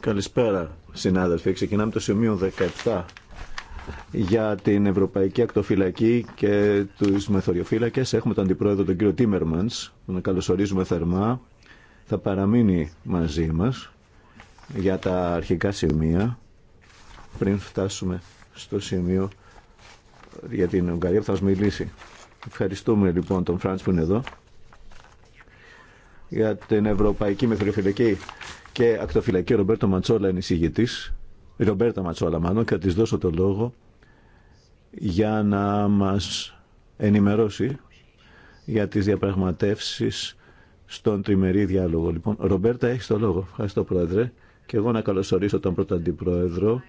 Καλησπέρα συνάδελφοι. Ξεκινάμε το σημείο 17 για την Ευρωπαϊκή Ακτοφυλακή και τους μεθοριοφύλακες. Έχουμε τον αντιπρόεδρο τον κύριο Τίμερμανς, τον καλωσορίζουμε θερμά. Θα παραμείνει μαζί μας για τα αρχικά σημεία πριν φτάσουμε στο σημείο για την Ουγγαρία που θα μας μιλήσει. Ευχαριστούμε λοιπόν τον Φραντς που είναι εδώ για την Ευρωπαϊκή Μεθοριοφυλακή και ακτοφυλακή Ρομπέρτα Ρομπέρτο Ματσόλα είναι η Ρομπέρτα Ματσόλα μάλλον και θα τη δώσω το λόγο για να μα ενημερώσει για τι διαπραγματεύσει στον τριμερή διάλογο. Λοιπόν, Ρομπέρτα, έχει το λόγο. Ευχαριστώ, Πρόεδρε. Και εγώ να καλωσορίσω τον πρώτο αντιπρόεδρο.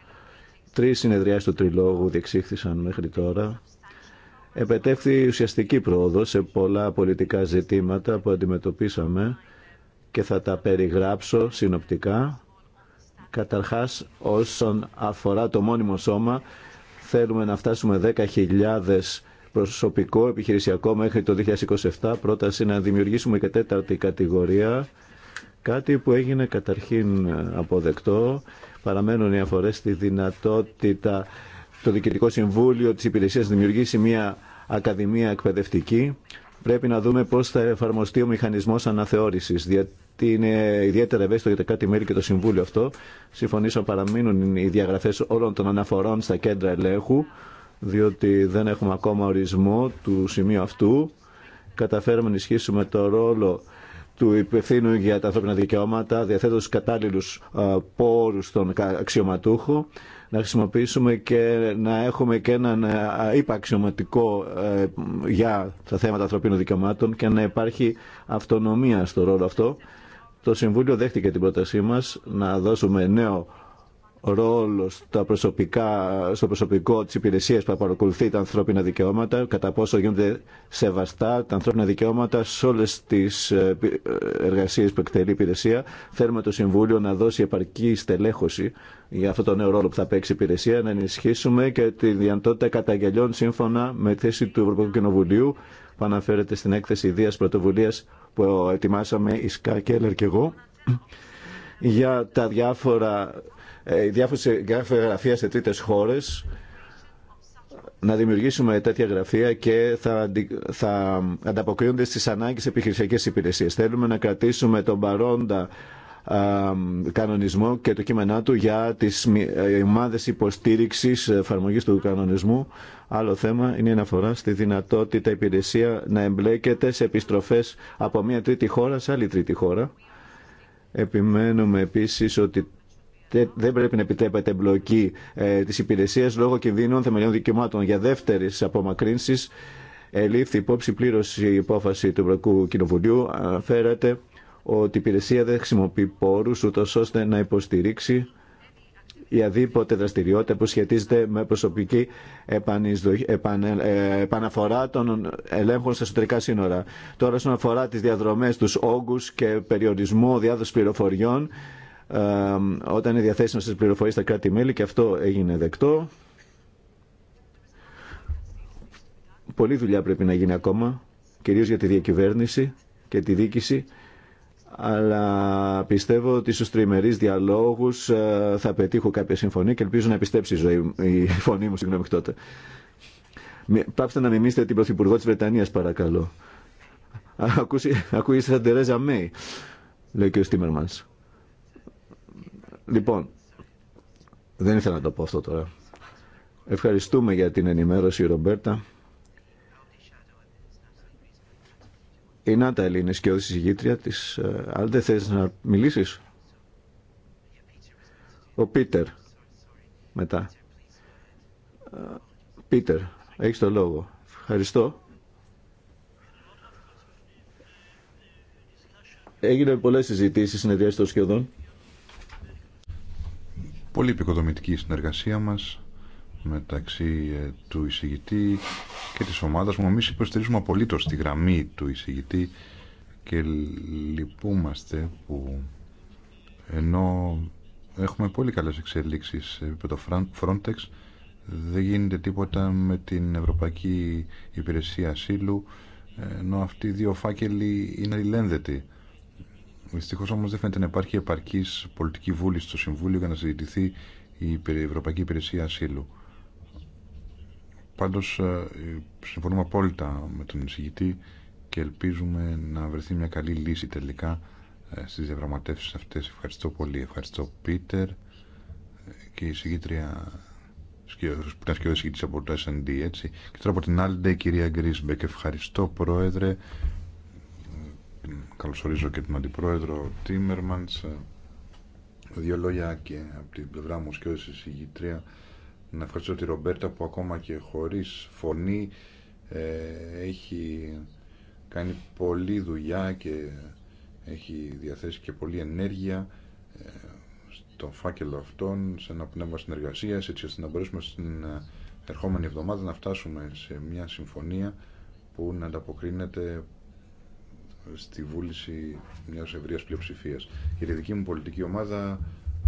Τρει συνεδριάσει του Τριλόγου διεξήχθησαν μέχρι τώρα. Επετεύχθη ουσιαστική πρόοδο σε πολλά πολιτικά ζητήματα που αντιμετωπίσαμε και θα τα περιγράψω συνοπτικά. Καταρχάς, όσον αφορά το μόνιμο σώμα, θέλουμε να φτάσουμε 10.000 προσωπικό επιχειρησιακό μέχρι το 2027. Πρόταση να δημιουργήσουμε και τέταρτη κατηγορία. Κάτι που έγινε καταρχήν ε, αποδεκτό. Παραμένουν οι αφορές στη δυνατότητα το Διοικητικό Συμβούλιο της Υπηρεσίας δημιουργήσει μια ακαδημία εκπαιδευτική. Πρέπει να δούμε πώς θα εφαρμοστεί ο μηχανισμός αναθεώρησης είναι ιδιαίτερα ευαίσθητο για τα κάτι μέλη και το Συμβούλιο αυτό. Συμφωνήσω παραμείνουν οι διαγραφέ όλων των αναφορών στα κέντρα ελέγχου, διότι δεν έχουμε ακόμα ορισμό του σημείου αυτού. Καταφέρουμε να ισχύσουμε το ρόλο του υπευθύνου για τα ανθρώπινα δικαιώματα, διαθέτω κατάλληλου πόρου στον αξιωματούχο, να χρησιμοποιήσουμε και να έχουμε και έναν υπαξιωματικό ε, για τα θέματα ανθρωπίνων δικαιωμάτων και να υπάρχει αυτονομία στο ρόλο αυτό το Συμβούλιο δέχτηκε την πρότασή μας να δώσουμε νέο ρόλο στα προσωπικά, στο προσωπικό της υπηρεσίας που παρακολουθεί τα ανθρώπινα δικαιώματα, κατά πόσο γίνονται σεβαστά τα ανθρώπινα δικαιώματα σε όλες τις ε, ε, εργασίες που εκτελεί η υπηρεσία. Θέλουμε το Συμβούλιο να δώσει επαρκή στελέχωση για αυτό το νέο ρόλο που θα παίξει η υπηρεσία, να ενισχύσουμε και τη δυνατότητα καταγγελιών σύμφωνα με θέση του Ευρωπαϊκού Κοινοβουλίου που αναφέρεται στην έκθεση ιδίας πρωτοβουλία που ετοιμάσαμε η Σκά Κέλλερ και εγώ για τα διάφορα ε, διάφορα γραφεία σε τρίτες χώρες να δημιουργήσουμε τέτοια γραφεία και θα, θα ανταποκρίνονται στις ανάγκες επιχειρησιακές υπηρεσίες. Θέλουμε να κρατήσουμε τον παρόντα κανονισμό και το κείμενά του για τις ε, ομάδες υποστήριξης εφαρμογή του κανονισμού. Άλλο θέμα είναι η αναφορά στη δυνατότητα υπηρεσία να εμπλέκεται σε επιστροφές από μια τρίτη χώρα σε άλλη τρίτη χώρα. Επιμένουμε επίσης ότι δεν πρέπει να επιτρέπεται εμπλοκή ε, της υπηρεσίας λόγω κινδύνων θεμελιών δικαιωμάτων για δεύτερης απομακρύνσεις. Ελήφθη υπόψη πλήρωση η υπόφαση του Ευρωπαϊκού Κοινοβουλίου. Αναφέρεται ότι η υπηρεσία δεν χρησιμοποιεί πόρους ούτω ώστε να υποστηρίξει η αδίποτε δραστηριότητα που σχετίζεται με προσωπική ε, επαναφορά των ελέγχων στα εσωτερικά σύνορα. Τώρα, όσον αφορά τις διαδρομές, τους όγκους και περιορισμό διάδοση πληροφοριών, όταν είναι διαθέσιμο στις πληροφορίες στα κράτη-μέλη και αυτό έγινε δεκτό. Πολλή δουλειά πρέπει να γίνει ακόμα, κυρίως για τη διακυβέρνηση και τη δίκηση αλλά πιστεύω ότι στους τριμερείς διαλόγους ε, θα πετύχω κάποια συμφωνία και ελπίζω να πιστέψει, η, η φωνή μου συγγνώμη τότε. Πάψτε να μιμήσετε την Πρωθυπουργό της Βρετανίας παρακαλώ. Ακούγεστε σαν Τερέζα Μέη, λέει και ο Στίμερμανς. Λοιπόν, δεν ήθελα να το πω αυτό τώρα. Ευχαριστούμε για την ενημέρωση Ρομπέρτα. Η Νάτα Ελίνη και η τη. Αν δεν θέλει να μιλήσει. Ο Πίτερ μετά. Ε, Πίτερ, έχει το λόγο. Ευχαριστώ. Έγινε πολλέ συζητήσει συνεδριάσει των σχεδόν. Πολύ επικοδομητική η συνεργασία μας μεταξύ ε, του εισηγητή και της ομάδας μου. Εμείς υποστηρίζουμε απολύτως τη γραμμή του εισηγητή και λυπούμαστε που ενώ έχουμε πολύ καλές εξελίξεις επί το Frontex δεν γίνεται τίποτα με την Ευρωπαϊκή Υπηρεσία Ασύλου ενώ αυτοί οι δύο φάκελοι είναι αλληλένδετοι. Δυστυχώ όμως δεν φαίνεται να υπάρχει επαρκής πολιτική βούληση στο Συμβούλιο για να συζητηθεί η Ευρωπαϊκή Υπηρεσία Ασύλου. Πάντως ε, ε, συμφωνούμε απόλυτα με τον εισηγητή και ελπίζουμε να βρεθεί μια καλή λύση τελικά ε, στις διαπραγματεύσει αυτές. Ευχαριστώ πολύ. Ευχαριστώ Πίτερ και η εισηγήτρια που ήταν σχεδόν εισηγητής από το S&D έτσι. Και τώρα από την άλλη η κυρία Γκρίσμπεκ. Ευχαριστώ Πρόεδρε. Καλωσορίζω και τον Αντιπρόεδρο Τίμερμαντς. Δύο λόγια και από την πλευρά μου σχεδόν εισηγήτρια να ευχαριστώ τη Ρομπέρτα που ακόμα και χωρίς φωνή ε, έχει κάνει πολλή δουλειά και έχει διαθέσει και πολλή ενέργεια ε, στον φάκελο αυτόν σε ένα πνεύμα συνεργασίας έτσι ώστε να μπορέσουμε στην ε, ερχόμενη εβδομάδα να φτάσουμε σε μια συμφωνία που να ανταποκρίνεται στη βούληση μιας ευρείας πλειοψηφίας. Για τη δική μου πολιτική ομάδα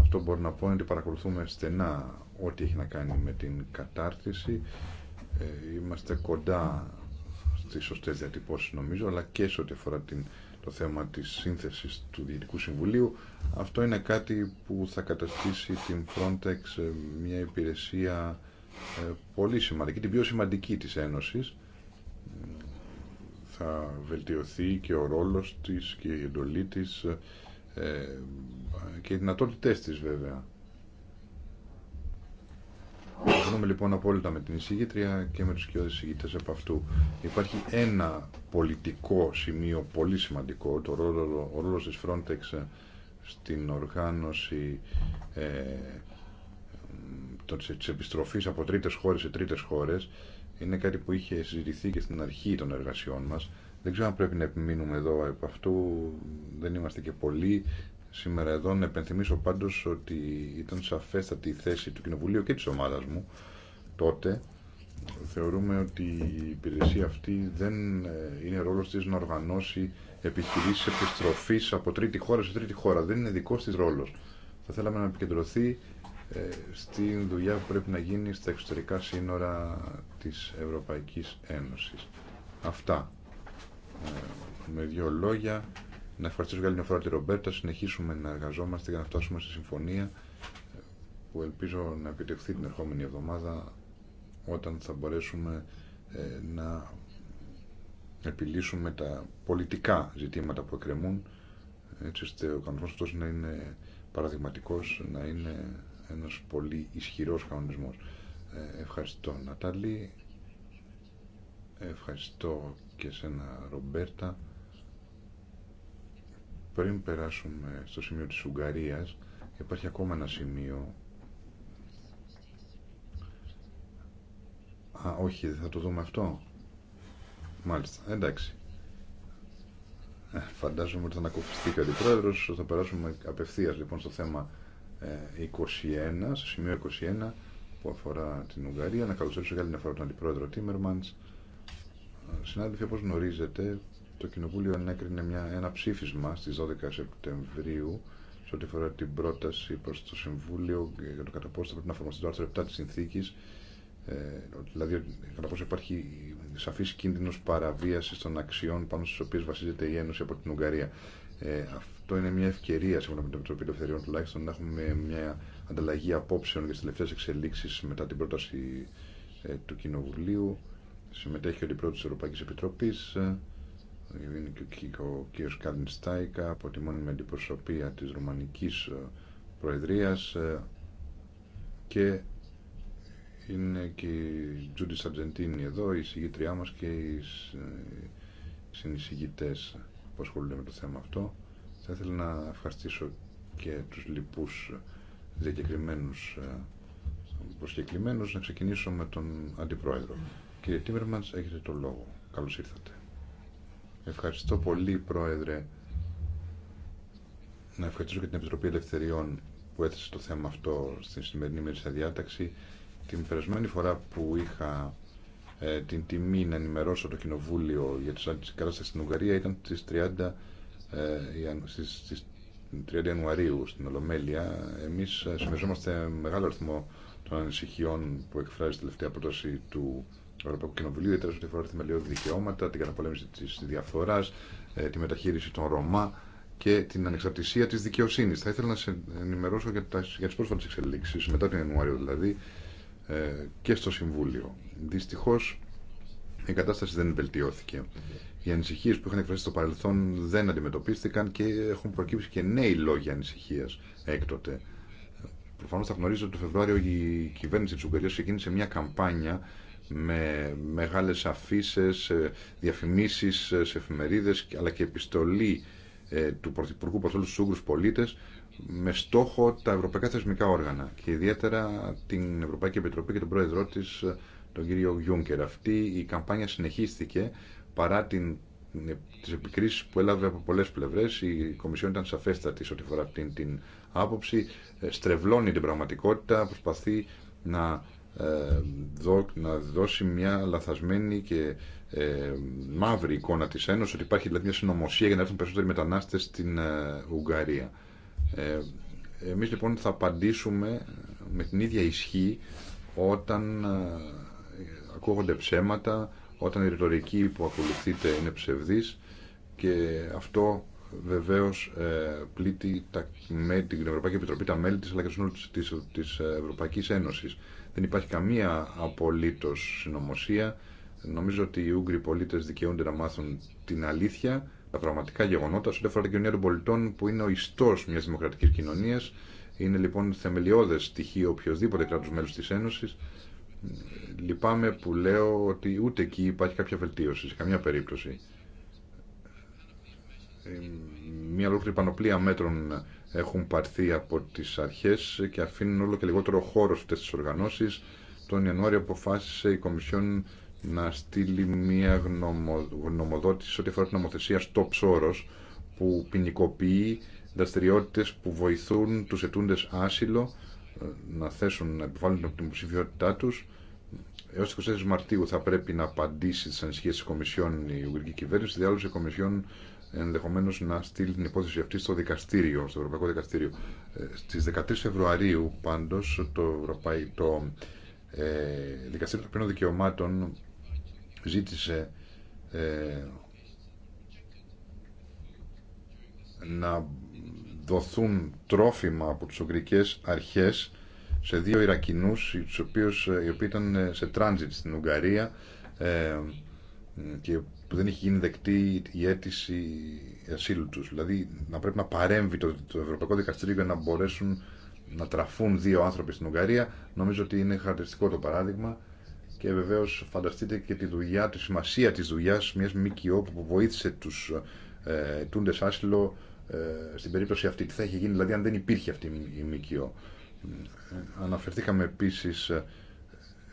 αυτό μπορώ να πω είναι ότι παρακολουθούμε στενά ό,τι έχει να κάνει με την κατάρτιση. Ε, είμαστε κοντά στις σωστές διατυπώσεις νομίζω, αλλά και σε ό,τι αφορά την, το θέμα της σύνθεσης του Διευθυντικού Συμβουλίου. Αυτό είναι κάτι που θα καταστήσει την Frontex ε, μια υπηρεσία ε, πολύ σημαντική, την πιο σημαντική της Ένωσης. Θα βελτιωθεί και ο ρόλος της και η εντολή της και οι δυνατότητές της βέβαια. Συμφωνούμε λοιπόν απόλυτα με την εισηγήτρια και με τους και εισηγητές από αυτού. Υπάρχει ένα πολιτικό σημείο πολύ σημαντικό, το ρόλο, ο ρόλος της Frontex στην οργάνωση ε, της επιστροφής από τρίτες χώρες σε τρίτες χώρες. Είναι κάτι που είχε συζητηθεί και στην αρχή των εργασιών μας. Δεν ξέρω αν πρέπει να επιμείνουμε εδώ επ' αυτού, δεν είμαστε και πολλοί σήμερα εδώ. Να επενθυμίσω πάντως ότι ήταν σαφέστατη η θέση του Κοινοβουλίου και τη ομάδα μου τότε. Θεωρούμε ότι η υπηρεσία αυτή δεν ε, είναι ρόλος της να οργανώσει επιχειρήσει επιστροφής από τρίτη χώρα σε τρίτη χώρα. Δεν είναι δικό της ρόλος. Θα θέλαμε να επικεντρωθεί ε, στην δουλειά που πρέπει να γίνει στα εξωτερικά σύνορα της Ευρωπαϊκής Ένωσης. Αυτά ε, με δύο λόγια να ευχαριστήσω για άλλη μια φορά τη Ρομπέρτα, συνεχίσουμε να εργαζόμαστε για να φτάσουμε στη συμφωνία που ελπίζω να επιτευχθεί την ερχόμενη εβδομάδα όταν θα μπορέσουμε ε, να επιλύσουμε τα πολιτικά ζητήματα που εκκρεμούν έτσι ώστε ο κανονισμός αυτός να είναι παραδειγματικός, να είναι ένας πολύ ισχυρός κανονισμός. Ε, ευχαριστώ Νατάλη, ευχαριστώ και σένα Ρομπέρτα. Πριν περάσουμε στο σημείο της Ουγγαρίας, υπάρχει ακόμα ένα σημείο. Α, όχι, δεν θα το δούμε αυτό. Μάλιστα, εντάξει. Ε, φαντάζομαι ότι θα ανακουφιστεί και ο αντιπρόεδρο. Θα περάσουμε απευθεία λοιπόν στο θέμα 21, ε, στο σημείο 21 που αφορά την Ουγγαρία. Να καλωσορίσω για άλλη μια φορά τον αντιπρόεδρο Τίμερμαντ. Ε, συνάδελφοι, όπω γνωρίζετε, το Κοινοβούλιο ανέκρινε μια, ένα ψήφισμα στις 12 Σεπτεμβρίου σε ό,τι αφορά την πρόταση προς το Συμβούλιο για το κατά πόσο θα πρέπει να εφαρμοστεί το άρθρο 7 της συνθήκης ε, δηλαδή κατά πόσο υπάρχει σαφής κίνδυνος παραβίασης των αξιών πάνω στις οποίες βασίζεται η Ένωση από την Ουγγαρία. Ε, αυτό είναι μια ευκαιρία σύμφωνα με την Επιτροπή Ελευθεριών τουλάχιστον να έχουμε μια ανταλλαγή απόψεων για τις τελευταίες εξελίξεις μετά την πρόταση ε, του Κοινοβουλίου. Συμμετέχει ο Αντιπρόεδρος της Ευρωπαϊκής Επιτροπής. Ε, είναι και ο κύριος Κάλιν Στάικα από τη μόνιμη αντιπροσωπεία της Ρουμανικής ε, Προεδρίας ε, και είναι και η Τζούντι Σαρτζεντίνη εδώ, η συγγήτριά μας και ε, οι συνεισηγητές που ασχολούνται με το θέμα αυτό. Θα ήθελα να ευχαριστήσω και τους λοιπούς διακεκριμένους προσκεκλημένους. Να ξεκινήσω με τον Αντιπρόεδρο. Κύριε Τίμερμαντς, έχετε το λόγο. Καλώς ήρθατε. Ευχαριστώ πολύ, Πρόεδρε. Να ευχαριστήσω και την Επιτροπή Ελευθεριών που έθεσε το θέμα αυτό στην σημερινή μέρη στα διάταξη. Την περασμένη φορά που είχα ε, την τιμή να ενημερώσω το Κοινοβούλιο για τις κατάσταση στην Ουγγαρία ήταν στις 30, ε, στις, στις Ιανουαρίου στην Ολομέλεια. Εμείς ε, συμμεριζόμαστε μεγάλο αριθμό των ανησυχιών που εκφράζει η τελευταία πρόταση του Ευρωπαϊκό Κοινοβουλίου, ιδιαίτερα Φορά... αφορά θεμελιώδη δικαιώματα, την καταπολέμηση τη διαφθορά, ε, τη μεταχείριση των Ρωμά και την ανεξαρτησία τη δικαιοσύνη. Θα ήθελα να σε ενημερώσω για, για τι πρόσφατε εξελίξει, μετά τον Ιανουάριο δηλαδή, ε, και στο Συμβούλιο. Δυστυχώ η κατάσταση δεν βελτιώθηκε. Οι ανησυχίε που είχαν εκφραστεί στο παρελθόν δεν αντιμετωπίστηκαν και έχουν προκύψει και νέοι λόγοι ανησυχία έκτοτε. Προφανώ θα γνωρίζετε ότι το Φεβρουάριο η κυβέρνηση τη Ουγγαρία ξεκίνησε μια καμπάνια με μεγάλες αφήσει, διαφημίσεις σε εφημερίδες αλλά και επιστολή ε, του Πρωθυπουργού προς όλους τους Ούγγρους πολίτες με στόχο τα ευρωπαϊκά θεσμικά όργανα και ιδιαίτερα την Ευρωπαϊκή Επιτροπή και τον πρόεδρό της ε, τον κύριο Γιούνκερ. Αυτή η καμπάνια συνεχίστηκε παρά την ε, τις επικρίσεις που έλαβε από πολλές πλευρές η Κομισιόν ήταν σαφέστατη σε ό,τι αφορά αυτήν την άποψη στρεβλώνει την πραγματικότητα προσπαθεί να ε, να δώσει μια λαθασμένη και ε, μαύρη εικόνα της Ένωσης ότι υπάρχει δηλαδή μια συνωμοσία για να έρθουν περισσότεροι μετανάστες στην ε, Ουγγαρία. Εμείς λοιπόν θα απαντήσουμε με την ίδια ισχύ όταν ακούγονται ψέματα, όταν η ρητορική που ακολουθείται είναι ψευδής και αυτό βεβαίως πλήττει με την Ευρωπαϊκή Επιτροπή, τα μέλη της αλλά και της Ευρωπαϊκής Ένωσης. Δεν υπάρχει καμία απολύτως συνωμοσία. Νομίζω ότι οι Ούγγροι πολίτε δικαιούνται να μάθουν την αλήθεια, τα πραγματικά γεγονότα, σε ό,τι αφορά την κοινωνία των πολιτών που είναι ο ιστό μιας δημοκρατικής κοινωνία. Είναι λοιπόν θεμελιώδες στοιχείο οποιοδήποτε κράτου μέλου της Ένωσης. Λυπάμαι που λέω ότι ούτε εκεί υπάρχει κάποια βελτίωση, σε καμία περίπτωση. Ε, μια ολόκληρη πανοπλία μέτρων έχουν πάρθει από τις αρχές και αφήνουν όλο και λιγότερο χώρο σε αυτές οργανώσεις. Τον Ιανουάριο αποφάσισε η Κομισιόν να στείλει μια γνωμο, γνωμοδότηση ό,τι αφορά την νομοθεσία στο ψώρος που ποινικοποιεί δραστηριότητε που βοηθούν τους ετούντε άσυλο ε, να θέσουν, να επιβάλλουν την υποψηφιότητά τους έως 24 Μαρτίου θα πρέπει να απαντήσει τι ανησυχίες της Κομισιόν η Ουγγρική Κυβέρνηση. η Κομισιόν ενδεχομένω να στείλει την υπόθεση αυτή στο δικαστήριο, στο Ευρωπαϊκό Δικαστήριο. Ε, Στι 13 Φεβρουαρίου, πάντω, το Ευρωπαϊκό το, ε, Δικαστήριο Ευρωπαϊκών Δικαιωμάτων ζήτησε ε, να δοθούν τρόφιμα από τις Ουγγρικές αρχές σε δύο Ιρακινούς ε, οι οποίοι ήταν σε τράνζιτ στην Ουγγαρία ε, και που δεν έχει γίνει δεκτή η αίτηση ασύλου του. Δηλαδή να πρέπει να παρέμβει το, Ευρωπαϊκό Δικαστήριο για να μπορέσουν να τραφούν δύο άνθρωποι στην Ουγγαρία. Νομίζω ότι είναι χαρακτηριστικό το παράδειγμα και βεβαίω φανταστείτε και τη δουλειά, τη σημασία της δουλειά, μιας ΜΚΟ που βοήθησε τους ε, άσυλο ε, στην περίπτωση αυτή. Τι θα είχε γίνει δηλαδή αν δεν υπήρχε αυτή η ΜΚΟ. Ε, αναφερθήκαμε επίση.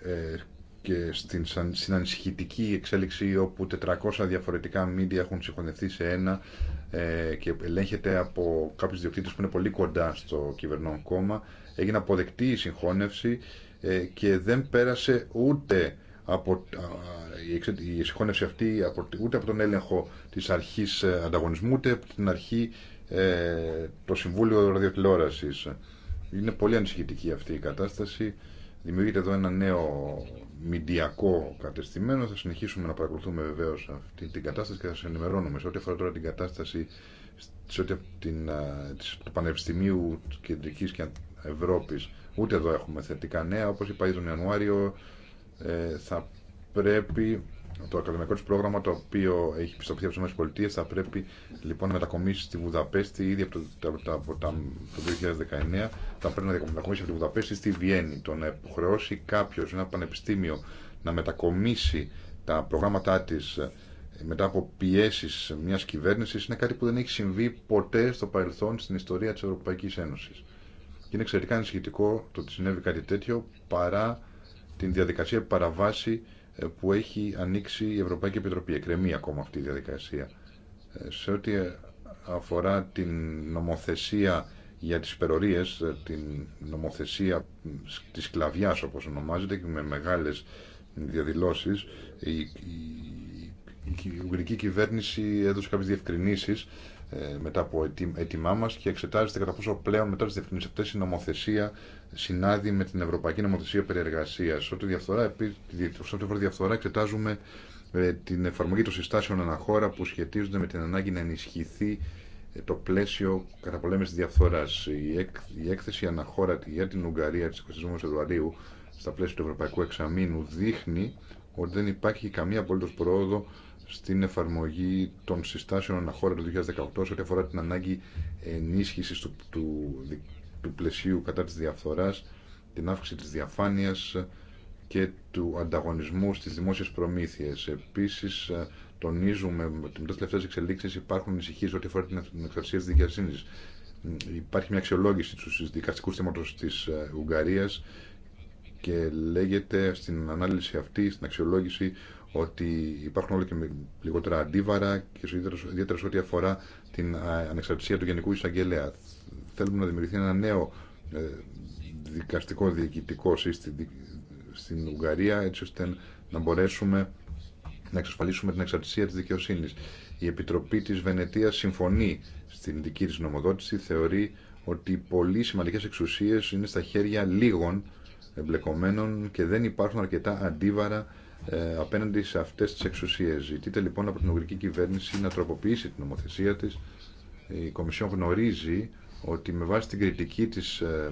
Ε, και στην ανησυχητική εξέλιξη όπου 400 διαφορετικά μίντια έχουν συγχωνευτεί σε ένα ε, και ελέγχεται από κάποιους διοκτήτες που είναι πολύ κοντά στο κυβερνόν κόμμα έγινε αποδεκτή η συγχώνευση ε, και δεν πέρασε ούτε από, η συγχώνευση αυτή ούτε από τον έλεγχο της αρχής ε, ανταγωνισμού ούτε από την αρχή ε, το Συμβούλιο Ραδιοτηλεόρασης. Είναι πολύ ανησυχητική αυτή η κατάσταση. Δημιουργείται εδώ ένα νέο μηντιακό κατεστημένο. Θα συνεχίσουμε να παρακολουθούμε βεβαίω αυτή την κατάσταση και θα σα ενημερώνουμε σε ό,τι αφορά τώρα την κατάσταση σε ό,τι την, του Πανεπιστημίου Κεντρική και Ευρώπη. Ούτε εδώ έχουμε θετικά νέα. Όπω είπα ήδη τον Ιανουάριο, ε, θα πρέπει το ακαδημαϊκό τη πρόγραμμα το οποίο έχει πιστοποιηθεί από τι ΗΠΑ θα πρέπει λοιπόν να μετακομίσει στη Βουδαπέστη ήδη από το, από το 2019. Θα πρέπει να μετακομίσει από τη Βουδαπέστη στη Βιέννη. Το να υποχρεώσει κάποιο, ένα πανεπιστήμιο, να μετακομίσει τα προγράμματά τη ε, μετά από πιέσει μια κυβέρνηση είναι κάτι που δεν έχει συμβεί ποτέ στο παρελθόν στην ιστορία τη Ευρωπαϊκή Ένωση. Και είναι εξαιρετικά ανησυχητικό το ότι συνέβη κάτι τέτοιο παρά την διαδικασία που παραβάσει ε, που έχει ανοίξει η Ευρωπαϊκή Επιτροπή. Εκρεμεί ακόμα αυτή η διαδικασία. Ε, σε ό,τι ε, αφορά την νομοθεσία για τις υπερορίες, την νομοθεσία της σκλαβιάς όπως ονομάζεται και με μεγάλες διαδηλώσεις, η, η, Ουγγρική κυβέρνηση έδωσε κάποιες διευκρινήσεις μετά από έτοιμά μα και εξετάζεται κατά πόσο πλέον μετά τι διευκρινήσεις αυτές η νομοθεσία συνάδει με την Ευρωπαϊκή Νομοθεσία Περιεργασία. Ό,τι διαφθορά, διαφθορά εξετάζουμε ε, την εφαρμογή των συστάσεων αναχώρα που σχετίζονται με την ανάγκη να ενισχυθεί ε, το πλαίσιο τη διαφθορά. Η, έκθεση αναχώρα για την Ουγγαρία τη 20 Φεβρουαρίου στα πλαίσια του Ευρωπαϊκού Εξαμήνου δείχνει ότι δεν υπάρχει καμία απολύτω πρόοδο στην εφαρμογή των συστάσεων αναχώρα του 2018 σε ό,τι αφορά την ανάγκη ενίσχυση του, του, του πλαισίου κατά της διαφθοράς, την αύξηση της διαφάνειας και του ανταγωνισμού στις δημόσιες προμήθειες. Επίσης, ε, τονίζουμε ότι με τις τελευταίες εξελίξεις υπάρχουν ανησυχίες ό,τι αφορά την ανεξαρτησία της δικαιοσύνης. Υπάρχει μια αξιολόγηση του δικαστικού σύστηματος της ε, Ουγγαρίας και λέγεται στην ανάλυση αυτή, στην αξιολόγηση, ότι υπάρχουν όλο και λιγότερα αντίβαρα και ιδιαίτερα σε ό,τι αφορά την ε, ανεξαρτησία του Γενικού Εισαγγελέα θέλουμε να δημιουργηθεί ένα νέο ε, δικαστικό διοικητικό σύστημα στην Ουγγαρία έτσι ώστε να μπορέσουμε να εξασφαλίσουμε την εξαρτησία της δικαιοσύνης. Η Επιτροπή της Βενετίας συμφωνεί στην δική της νομοδότηση, θεωρεί ότι πολύ σημαντικές εξουσίες είναι στα χέρια λίγων εμπλεκομένων και δεν υπάρχουν αρκετά αντίβαρα ε, απέναντι σε αυτές τις εξουσίες. Ζητείται λοιπόν από την Ουγγρική Κυβέρνηση να τροποποιήσει την νομοθεσία της. Η Κομισιόν γνωρίζει ότι με βάση την κριτική της ε,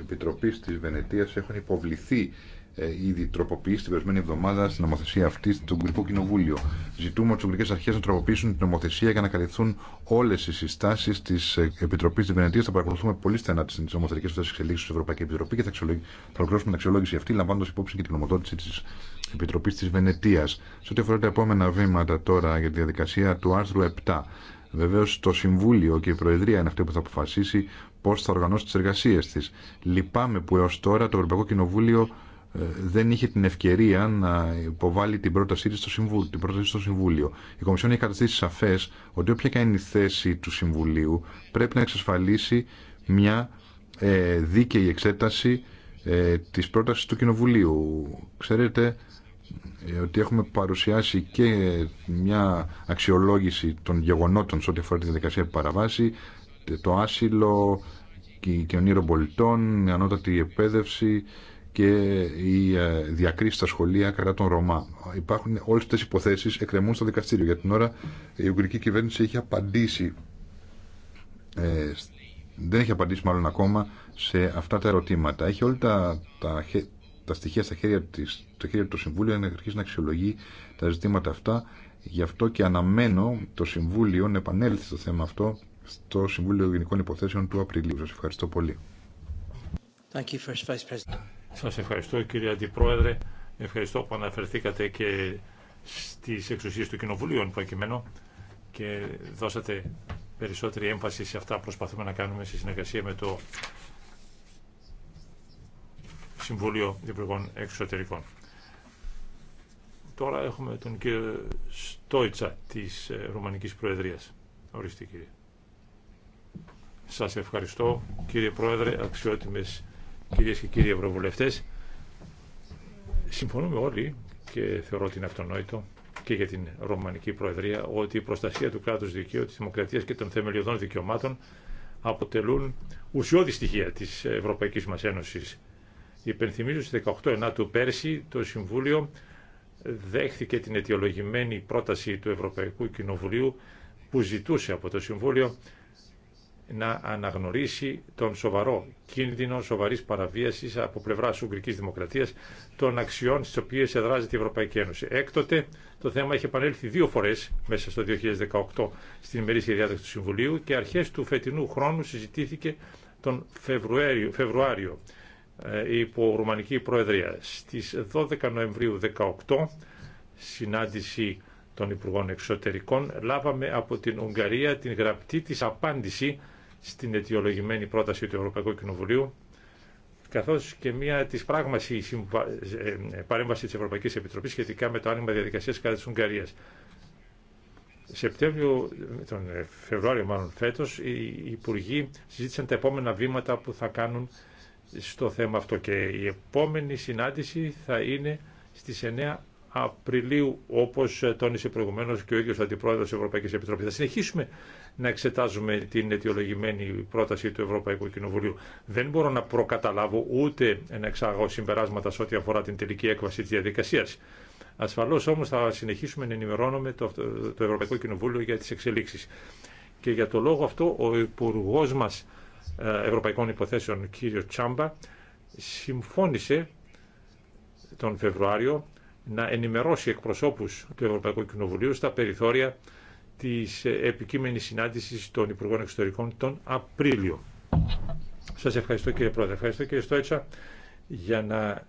Επιτροπής της Βενετίας έχουν υποβληθεί ε, ήδη τροποποιήσει την περασμένη εβδομάδα στην νομοθεσία αυτή στον Ουγγρικό Κοινοβούλιο. Ζητούμε από τι Ουγγρικέ Αρχέ να τροποποιήσουν την νομοθεσία για να καλυφθούν όλε οι συστάσει τη ε, Επιτροπή τη Βενετία. Θα παρακολουθούμε πολύ στενά τι νομοθετικέ αυτέ εξελίξει τη Ευρωπαϊκή Επιτροπή και θα, ολοκληρώσουμε την αξιολόγηση αυτή, λαμβάνοντα υπόψη και την τη Επιτροπή τη Βενετία. Σε ό,τι αφορά τα επόμενα βήματα τώρα για τη διαδικασία του άρθρου Βεβαίω το Συμβούλιο και η Προεδρία είναι αυτή που θα αποφασίσει πώ θα οργανώσει τι εργασίε τη. Λυπάμαι που έω τώρα το Ευρωπαϊκό Κοινοβούλιο ε, δεν είχε την ευκαιρία να υποβάλει την πρότασή τη στο, Συμβούλιο, πρόταση στο Συμβούλιο. Η Κομισιόν έχει καταστήσει σαφέ ότι όποια και είναι η θέση του Συμβουλίου πρέπει να εξασφαλίσει μια ε, δίκαιη εξέταση ε, της πρότασης του Κοινοβουλίου. Ξέρετε, ε, ότι έχουμε παρουσιάσει και μια αξιολόγηση των γεγονότων σε ό,τι αφορά τη διαδικασία παραβάση, το άσυλο, και και πολιτών, η ανώτατη εκπαίδευση και η ε, διακρίση στα σχολεία κατά τον Ρωμά. Υπάρχουν όλε αυτέ οι υποθέσει εκκρεμούν στο δικαστήριο. Για την ώρα η Ουγγρική κυβέρνηση έχει απαντήσει. Ε, δεν έχει απαντήσει μάλλον ακόμα σε αυτά τα ερωτήματα. Έχει όλα τα, τα, τα στοιχεία στα χέρια, της, στα χέρια του Συμβούλου να αρχίσει να αξιολογεί τα ζητήματα αυτά. Γι' αυτό και αναμένω το Συμβούλιο να επανέλθει στο θέμα αυτό στο Συμβούλιο Γενικών Υποθέσεων του Απριλίου. Σας ευχαριστώ πολύ. Thank Σας ευχαριστώ κύριε Αντιπρόεδρε. Ευχαριστώ που αναφερθήκατε και στις εξουσίες του Κοινοβουλίου εν προκειμένου και δώσατε περισσότερη έμφαση σε αυτά που προσπαθούμε να κάνουμε σε συνεργασία με το Συμβούλιο Υπουργών Εξωτερικών. Τώρα έχουμε τον κύριο Στόιτσα της ε, Ρουμανικής Προεδρίας. Ορίστε κύριε. Σας ευχαριστώ κύριε Πρόεδρε, αξιότιμες κυρίες και κύριοι Ευρωβουλευτές. Συμφωνούμε όλοι και θεωρώ την αυτονόητο και για την Ρωμανική Προεδρία ότι η προστασία του κράτους δικαίου, της δημοκρατίας και των θεμελιωδών δικαιωμάτων αποτελούν ουσιώδη στοιχεία της Ευρωπαϊκής μας Ένωσης Υπενθυμίζω στις 18 του πέρσι το Συμβούλιο δέχθηκε την αιτιολογημένη πρόταση του Ευρωπαϊκού Κοινοβουλίου που ζητούσε από το Συμβούλιο να αναγνωρίσει τον σοβαρό κίνδυνο σοβαρής παραβίασης από πλευράς Ουγγρικής Δημοκρατίας των αξιών στις οποίες εδράζεται η Ευρωπαϊκή Ένωση. Έκτοτε το θέμα έχει επανέλθει δύο φορές μέσα στο 2018 στην ημερήσια διάταξη του Συμβουλίου και αρχές του φετινού χρόνου συζητήθηκε τον Φεβρουάριο ε, υπό Ρουμανική Προεδρία. Στις 12 Νοεμβρίου 2018, συνάντηση των Υπουργών Εξωτερικών, λάβαμε από την Ουγγαρία την γραπτή της απάντηση στην αιτιολογημένη πρόταση του Ευρωπαϊκού Κοινοβουλίου, καθώς και μία της πράγμαση συμβα... Ε, ε, παρέμβαση της Ευρωπαϊκής Επιτροπής σχετικά με το άνοιγμα διαδικασίας κατά της Ουγγαρίας. Σεπτέμβριο, τον Φεβρουάριο μάλλον φέτος, οι Υπουργοί συζήτησαν τα επόμενα βήματα που θα κάνουν στο θέμα αυτό και η επόμενη συνάντηση θα είναι στις 9 Απριλίου, όπως τόνισε προηγουμένως και ο ίδιος ο Αντιπρόεδρος της Ευρωπαϊκής Επιτροπής. Θα συνεχίσουμε να εξετάζουμε την αιτιολογημένη πρόταση του Ευρωπαϊκού Κοινοβουλίου. Δεν μπορώ να προκαταλάβω ούτε να εξάγω συμπεράσματα σε ό,τι αφορά την τελική έκβαση της διαδικασίας. Ασφαλώς όμως θα συνεχίσουμε να ενημερώνουμε το, το Ευρωπαϊκό Κοινοβούλιο για τις εξελίξεις. Και για το λόγο αυτό ο υπουργό μας ε, ευρωπαϊκών Υποθέσεων κύριο Τσάμπα συμφώνησε τον Φεβρουάριο να ενημερώσει εκπροσώπους του Ευρωπαϊκού Κοινοβουλίου στα περιθώρια της επικείμενης συνάντησης των Υπουργών Εξωτερικών τον Απρίλιο. Σας ευχαριστώ κύριε Πρόεδρε, ευχαριστώ κύριε Στόιτσα για να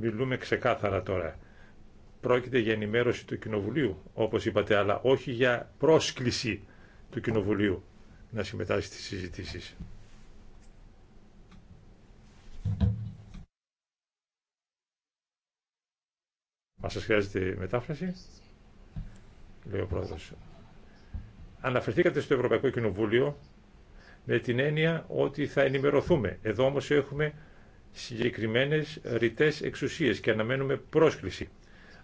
μιλούμε ξεκάθαρα τώρα. Πρόκειται για ενημέρωση του Κοινοβουλίου, όπως είπατε, αλλά όχι για πρόσκληση του Κοινοβουλίου να συμμετάσχει στις συζητήσεις. Μα σα χρειάζεται μετάφραση. Λέει ο πρόεδρο. Αναφερθήκατε στο Ευρωπαϊκό Κοινοβούλιο με την έννοια ότι θα ενημερωθούμε. Εδώ όμω έχουμε συγκεκριμένε ρητέ εξουσίες και αναμένουμε πρόσκληση.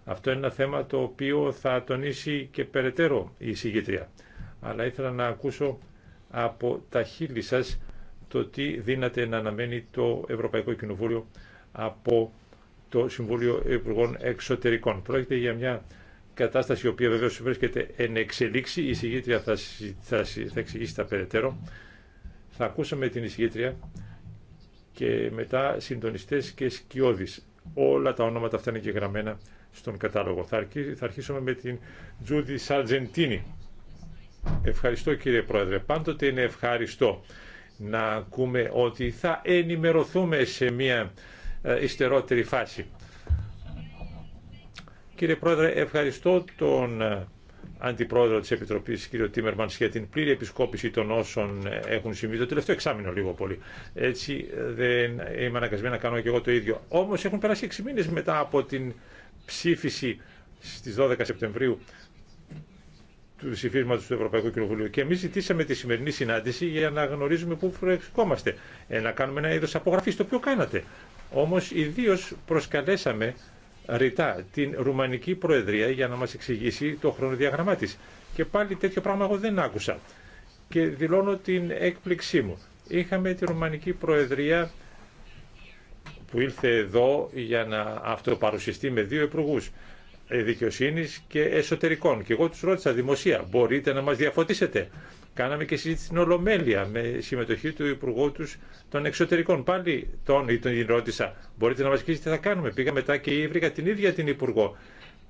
Αυτό είναι ένα θέμα το οποίο θα τονίσει και περαιτέρω η συγγετρία. Αλλά ήθελα να ακούσω από τα χείλη σας το τι δύναται να αναμένει το Ευρωπαϊκό Κοινοβούλιο από το Συμβούλιο Υπουργών Εξωτερικών. Πρόκειται για μια κατάσταση η οποία βεβαίως βρίσκεται εν εξελίξη. Η εισηγήτρια θα, θα, θα εξηγήσει τα περαιτέρω. Θα ακούσαμε την εισηγήτρια και μετά συντονιστές και σκιώδεις. Όλα τα ονόματα αυτά είναι και γραμμένα στον κατάλογο. Θα, θα αρχίσουμε με την Τζούντι Σαρτζεντίνη. Ευχαριστώ κύριε Πρόεδρε. Πάντοτε είναι ευχαριστώ να ακούμε ότι θα ενημερωθούμε σε μια ε, ιστερότερη φάση. Κύριε Πρόεδρε, ευχαριστώ τον ε, Αντιπρόεδρο της Επιτροπής, κύριο Τίμερμαν για την πλήρη επισκόπηση των όσων έχουν συμβεί το τελευταίο εξάμεινο λίγο πολύ. Έτσι ε, δεν είμαι αναγκασμένο να κάνω και εγώ το ίδιο. Όμως έχουν περάσει 6 μήνες μετά από την ψήφιση στις 12 Σεπτεμβρίου του ψηφίσματο του Ευρωπαϊκού Κοινοβουλίου. Και εμεί ζητήσαμε τη σημερινή συνάντηση για να γνωρίζουμε πού βρισκόμαστε. να κάνουμε ένα είδο απογραφή, το οποίο κάνατε. Όμως ιδίω προσκαλέσαμε ρητά την Ρουμανική Προεδρία για να μας εξηγήσει το χρονοδιαγραμμά της. Και πάλι τέτοιο πράγμα εγώ δεν άκουσα. Και δηλώνω την έκπληξή μου. Είχαμε τη Ρουμανική Προεδρία που ήλθε εδώ για να αυτοπαρουσιαστεί με δύο υπουργού ε, δικαιοσύνη και εσωτερικών. Και εγώ τους ρώτησα δημοσία, μπορείτε να μας διαφωτίσετε. Κάναμε και συζήτηση στην Ολομέλεια με συμμετοχή του Υπουργού του των Εξωτερικών. Πάλι τον, ή τον ρώτησα, μπορείτε να μα πείτε τι θα κάνουμε. Πήγα μετά και βρήκα την ίδια την Υπουργό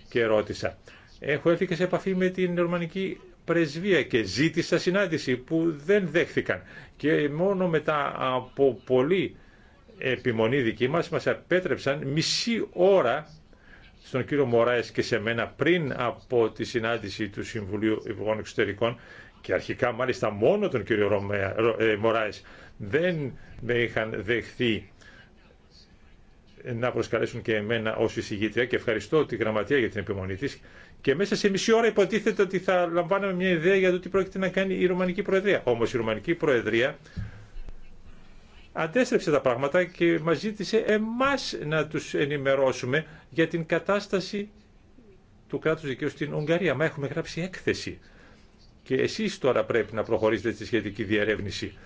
και ρώτησα. Έχω έρθει και σε επαφή με την Ορμανική Πρεσβεία και ζήτησα συνάντηση που δεν δέχθηκαν. Και μόνο μετά από πολύ επιμονή δική μας μας επέτρεψαν μισή ώρα στον κύριο Μωράες και σε μένα πριν από τη συνάντηση του Συμβουλίου Υπουργών Εξωτερικών και αρχικά μάλιστα μόνο τον κύριο Ρωμαία, ε, Μωράης δεν με είχαν δεχθεί να προσκαλέσουν και εμένα ως εισηγήτρια και ευχαριστώ τη γραμματεία για την επιμονή της και μέσα σε μισή ώρα υποτίθεται ότι θα λαμβάναμε μια ιδέα για το τι πρόκειται να κάνει η Ρουμανική Προεδρία. Όμως η Ρουμανική Προεδρία αντέστρεψε τα πράγματα και μας ζήτησε εμάς να τους ενημερώσουμε για την κατάσταση του κράτους δικαίου στην Ουγγαρία. Μα έχουμε γράψει έκθεση και εσείς τώρα πρέπει να προχωρήσετε στη σχετική διερεύνηση.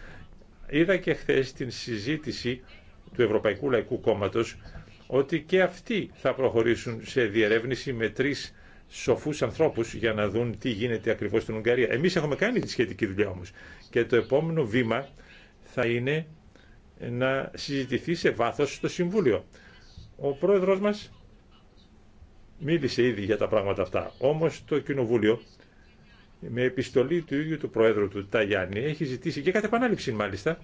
Είδα και χθε την συζήτηση του Ευρωπαϊκού Λαϊκού Κόμματος ότι και αυτοί θα προχωρήσουν σε διερεύνηση με τρεις σοφούς ανθρώπους για να δουν τι γίνεται ακριβώς στην Ουγγαρία. Εμείς έχουμε κάνει τη σχετική δουλειά όμως και το επόμενο βήμα θα είναι να συζητηθεί σε βάθος στο Συμβούλιο. Ο πρόεδρος μας μίλησε ήδη για τα πράγματα αυτά, όμως το Κοινοβούλιο με επιστολή του ίδιου του Προέδρου του Ταγιάννη έχει ζητήσει και κατά επανάληψη μάλιστα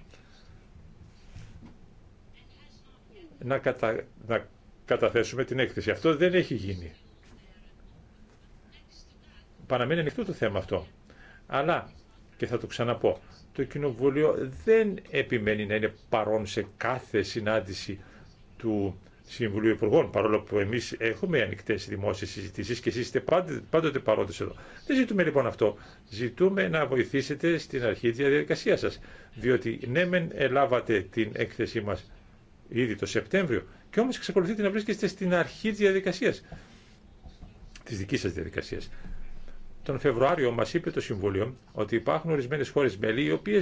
να, κατα... να καταθέσουμε την έκθεση. Αυτό δεν έχει γίνει. Παραμένει ανοιχτό το θέμα αυτό. Αλλά, και θα το ξαναπώ, το Κοινοβούλιο δεν επιμένει να είναι παρόν σε κάθε συνάντηση του Συμβουλίου Υπουργών, παρόλο που εμεί έχουμε ανοιχτέ δημόσιε συζητήσει και εσεί είστε πάντοτε παρόντε εδώ. Δεν ζητούμε λοιπόν αυτό. Ζητούμε να βοηθήσετε στην αρχή τη διαδικασία σα. Διότι ναι, μεν ελάβατε την έκθεσή μα ήδη το Σεπτέμβριο, και όμω εξακολουθείτε να βρίσκεστε στην αρχή τη διαδικασία. Τη δική σα διαδικασία. Τον Φεβρουάριο μα είπε το Συμβούλιο ότι υπάρχουν ορισμένε χώρε μέλη οι οποίε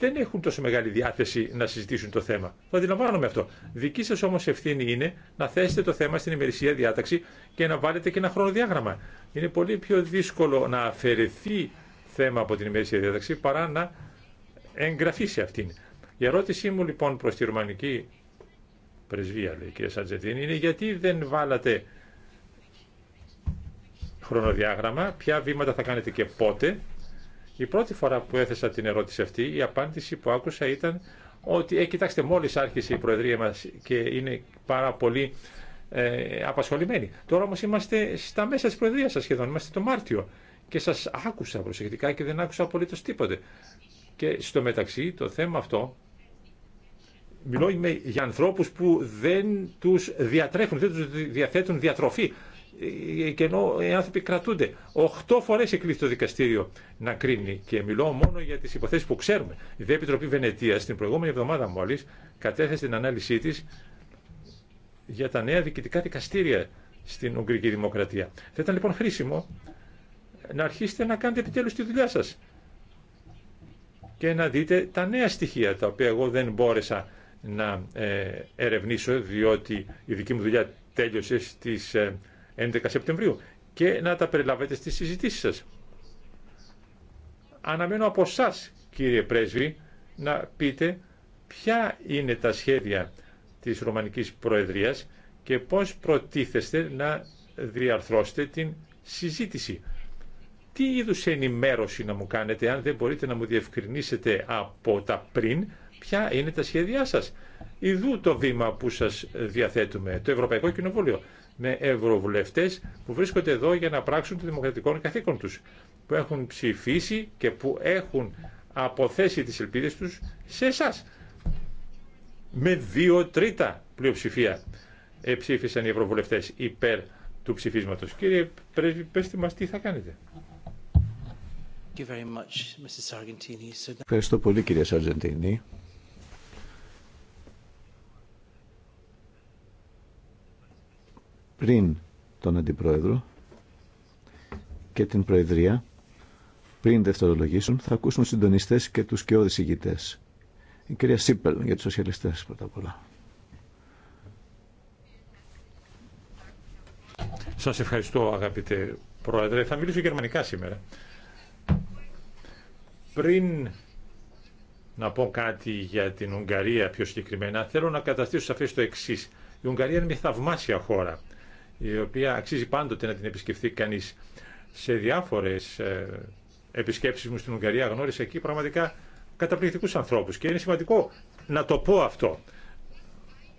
δεν έχουν τόσο μεγάλη διάθεση να συζητήσουν το θέμα. Το αντιλαμβάνομαι αυτό. Δική σα όμω ευθύνη είναι να θέσετε το θέμα στην ημερησία διάταξη και να βάλετε και ένα χρονοδιάγραμμα. Είναι πολύ πιο δύσκολο να αφαιρεθεί θέμα από την ημερησία διάταξη παρά να εγγραφεί σε αυτήν. Η ερώτησή μου λοιπόν προ τη ρουμανική πρεσβεία, λέει η κυρία Σαντζετίνη, είναι γιατί δεν βάλατε χρονοδιάγραμμα, ποια βήματα θα κάνετε και πότε η πρώτη φορά που έθεσα την ερώτηση αυτή, η απάντηση που άκουσα ήταν ότι, ε, κοιτάξτε, μόλις άρχισε η Προεδρία μας και είναι πάρα πολύ ε, απασχολημένη. Τώρα όμως είμαστε στα μέσα της Προεδρίας σα σχεδόν, είμαστε το Μάρτιο και σας άκουσα προσεκτικά και δεν άκουσα απολύτω τίποτε. Και στο μεταξύ το θέμα αυτό μιλώ για ανθρώπους που δεν τους διατρέχουν, δεν τους διαθέτουν διατροφή και ενώ οι άνθρωποι κρατούνται. Οχτώ φορέ εκλήθη το δικαστήριο να κρίνει. Και μιλώ μόνο για τι υποθέσει που ξέρουμε. Η ΔΕ Επιτροπή Βενετία την προηγούμενη εβδομάδα μόλι κατέθεσε την ανάλυσή τη για τα νέα διοικητικά δικαστήρια στην Ουγγρική Δημοκρατία. Θα ήταν λοιπόν χρήσιμο να αρχίσετε να κάνετε επιτέλου τη δουλειά σα και να δείτε τα νέα στοιχεία τα οποία εγώ δεν μπόρεσα να ε, ερευνήσω διότι η δική μου δουλειά τέλειωσε στις ε, 11 Σεπτεμβρίου και να τα περιλάβετε στις συζητήσεις σας. Αναμένω από εσά, κύριε Πρέσβη, να πείτε ποια είναι τα σχέδια της Ρωμανικής Προεδρίας και πώς προτίθεστε να διαρθρώσετε την συζήτηση. Τι είδους ενημέρωση να μου κάνετε, αν δεν μπορείτε να μου διευκρινίσετε από τα πριν, ποια είναι τα σχέδιά σας. Ιδού το βήμα που σας διαθέτουμε, το Ευρωπαϊκό Κοινοβούλιο με ευρωβουλευτές που βρίσκονται εδώ για να πράξουν το δημοκρατικό καθήκον του που έχουν ψηφίσει και που έχουν αποθέσει τις ελπίδες τους σε εσά. Με δύο τρίτα πλειοψηφία ψήφισαν οι ευρωβουλευτέ υπέρ του ψηφίσματος. Κύριε Πρέσβη, πέστε μας τι θα κάνετε. Ευχαριστώ πολύ κύριε Σαργεντίνη. πριν τον Αντιπρόεδρο και την Προεδρία, πριν δευτερολογήσουν, θα ακούσουν συντονιστές και τους και ηγητές. Η κυρία Σίπελ για τους σοσιαλιστές πρώτα απ' όλα. Σας ευχαριστώ αγαπητέ Πρόεδρε. Θα μιλήσω γερμανικά σήμερα. Πριν να πω κάτι για την Ουγγαρία πιο συγκεκριμένα, θέλω να καταστήσω σαφές το εξή. Η Ουγγαρία είναι μια θαυμάσια χώρα η οποία αξίζει πάντοτε να την επισκεφθεί κανείς. Σε διάφορες ε, επισκέψεις μου στην Ουγγαρία γνώρισα εκεί πραγματικά καταπληκτικούς ανθρώπους και είναι σημαντικό να το πω αυτό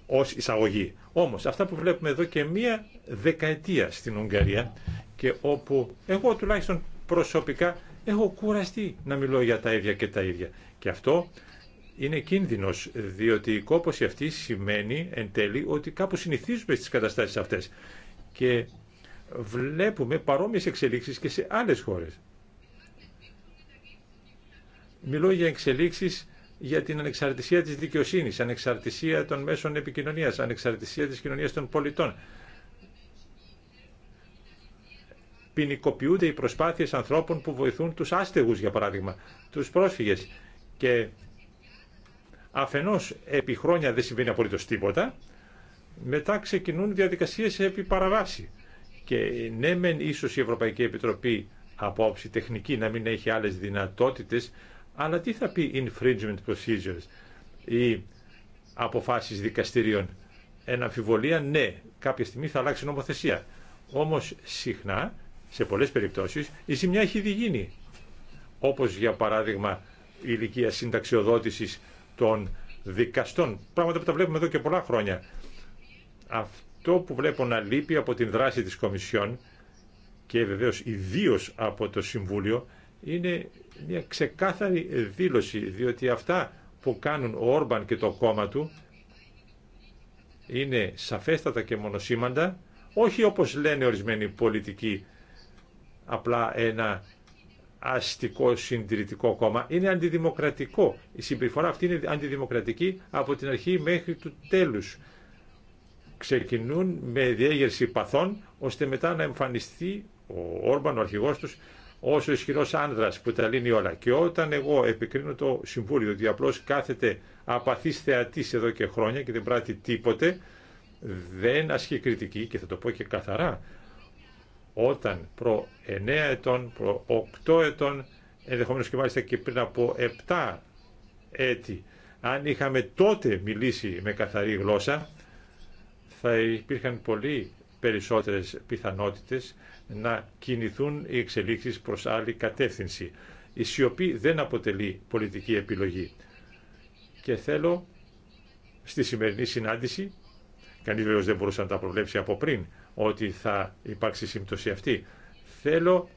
ως εισαγωγή. Όμως αυτά που βλέπουμε εδώ και μία δεκαετία στην Ουγγαρία και όπου εγώ τουλάχιστον προσωπικά έχω κουραστεί να μιλώ για τα ίδια και τα ίδια. Και αυτό είναι κίνδυνος, διότι η κόπωση αυτή σημαίνει εν τέλει ότι κάπου συνηθίζουμε στις καταστάσεις αυτές. Και βλέπουμε παρόμοιες εξελίξεις και σε άλλες χώρες. Μιλώ για εξελίξεις για την ανεξαρτησία της δικαιοσύνης, ανεξαρτησία των μέσων επικοινωνίας, ανεξαρτησία της κοινωνίας των πολιτών. Ποινικοποιούνται οι προσπάθειες ανθρώπων που βοηθούν τους άστεγους, για παράδειγμα, τους πρόσφυγες. Και αφενός επί χρόνια δεν συμβαίνει απολύτως τίποτα μετά ξεκινούν διαδικασίες επί παραβάση. Και ναι μεν ίσως η Ευρωπαϊκή Επιτροπή από όψη τεχνική να μην έχει άλλες δυνατότητες, αλλά τι θα πει infringement procedures ή αποφάσεις δικαστηρίων. Εν αμφιβολία ναι, κάποια στιγμή θα αλλάξει νομοθεσία. Όμως συχνά, σε πολλές περιπτώσεις, η ζημιά έχει διγίνει. Όπως για παράδειγμα η ζημια εχει γινει οπως για συνταξιοδότησης των δικαστών. Πράγματα που τα βλέπουμε εδώ και πολλά χρόνια. Αυτό που βλέπω να λείπει από την δράση της Κομισιόν και βεβαίως ιδίω από το Συμβούλιο είναι μια ξεκάθαρη δήλωση διότι αυτά που κάνουν ο Όρμπαν και το κόμμα του είναι σαφέστατα και μονοσήμαντα όχι όπως λένε ορισμένοι πολιτικοί απλά ένα αστικό συντηρητικό κόμμα είναι αντιδημοκρατικό η συμπεριφορά αυτή είναι αντιδημοκρατική από την αρχή μέχρι του τέλους ξεκινούν με διέγερση παθών, ώστε μετά να εμφανιστεί ο Όρμπαν, ο αρχηγός τους, ως ο ισχυρός άνδρας που τα λύνει όλα. Και όταν εγώ επικρίνω το Συμβούλιο ότι απλώ κάθεται απαθής θεατής εδώ και χρόνια και δεν πράττει τίποτε, δεν ασχεί κριτική και θα το πω και καθαρά. Όταν προ 9 ετών, προ 8 ετών, ενδεχομένως και μάλιστα και πριν από 7 έτη, αν είχαμε τότε μιλήσει με καθαρή γλώσσα, θα υπήρχαν πολύ περισσότερες πιθανότητες να κινηθούν οι εξελίξεις προς άλλη κατεύθυνση. Η σιωπή δεν αποτελεί πολιτική επιλογή. Και θέλω στη σημερινή συνάντηση, κανείς βέβαια δεν μπορούσε να τα προβλέψει από πριν, ότι θα υπάρξει σύμπτωση αυτή. Θέλω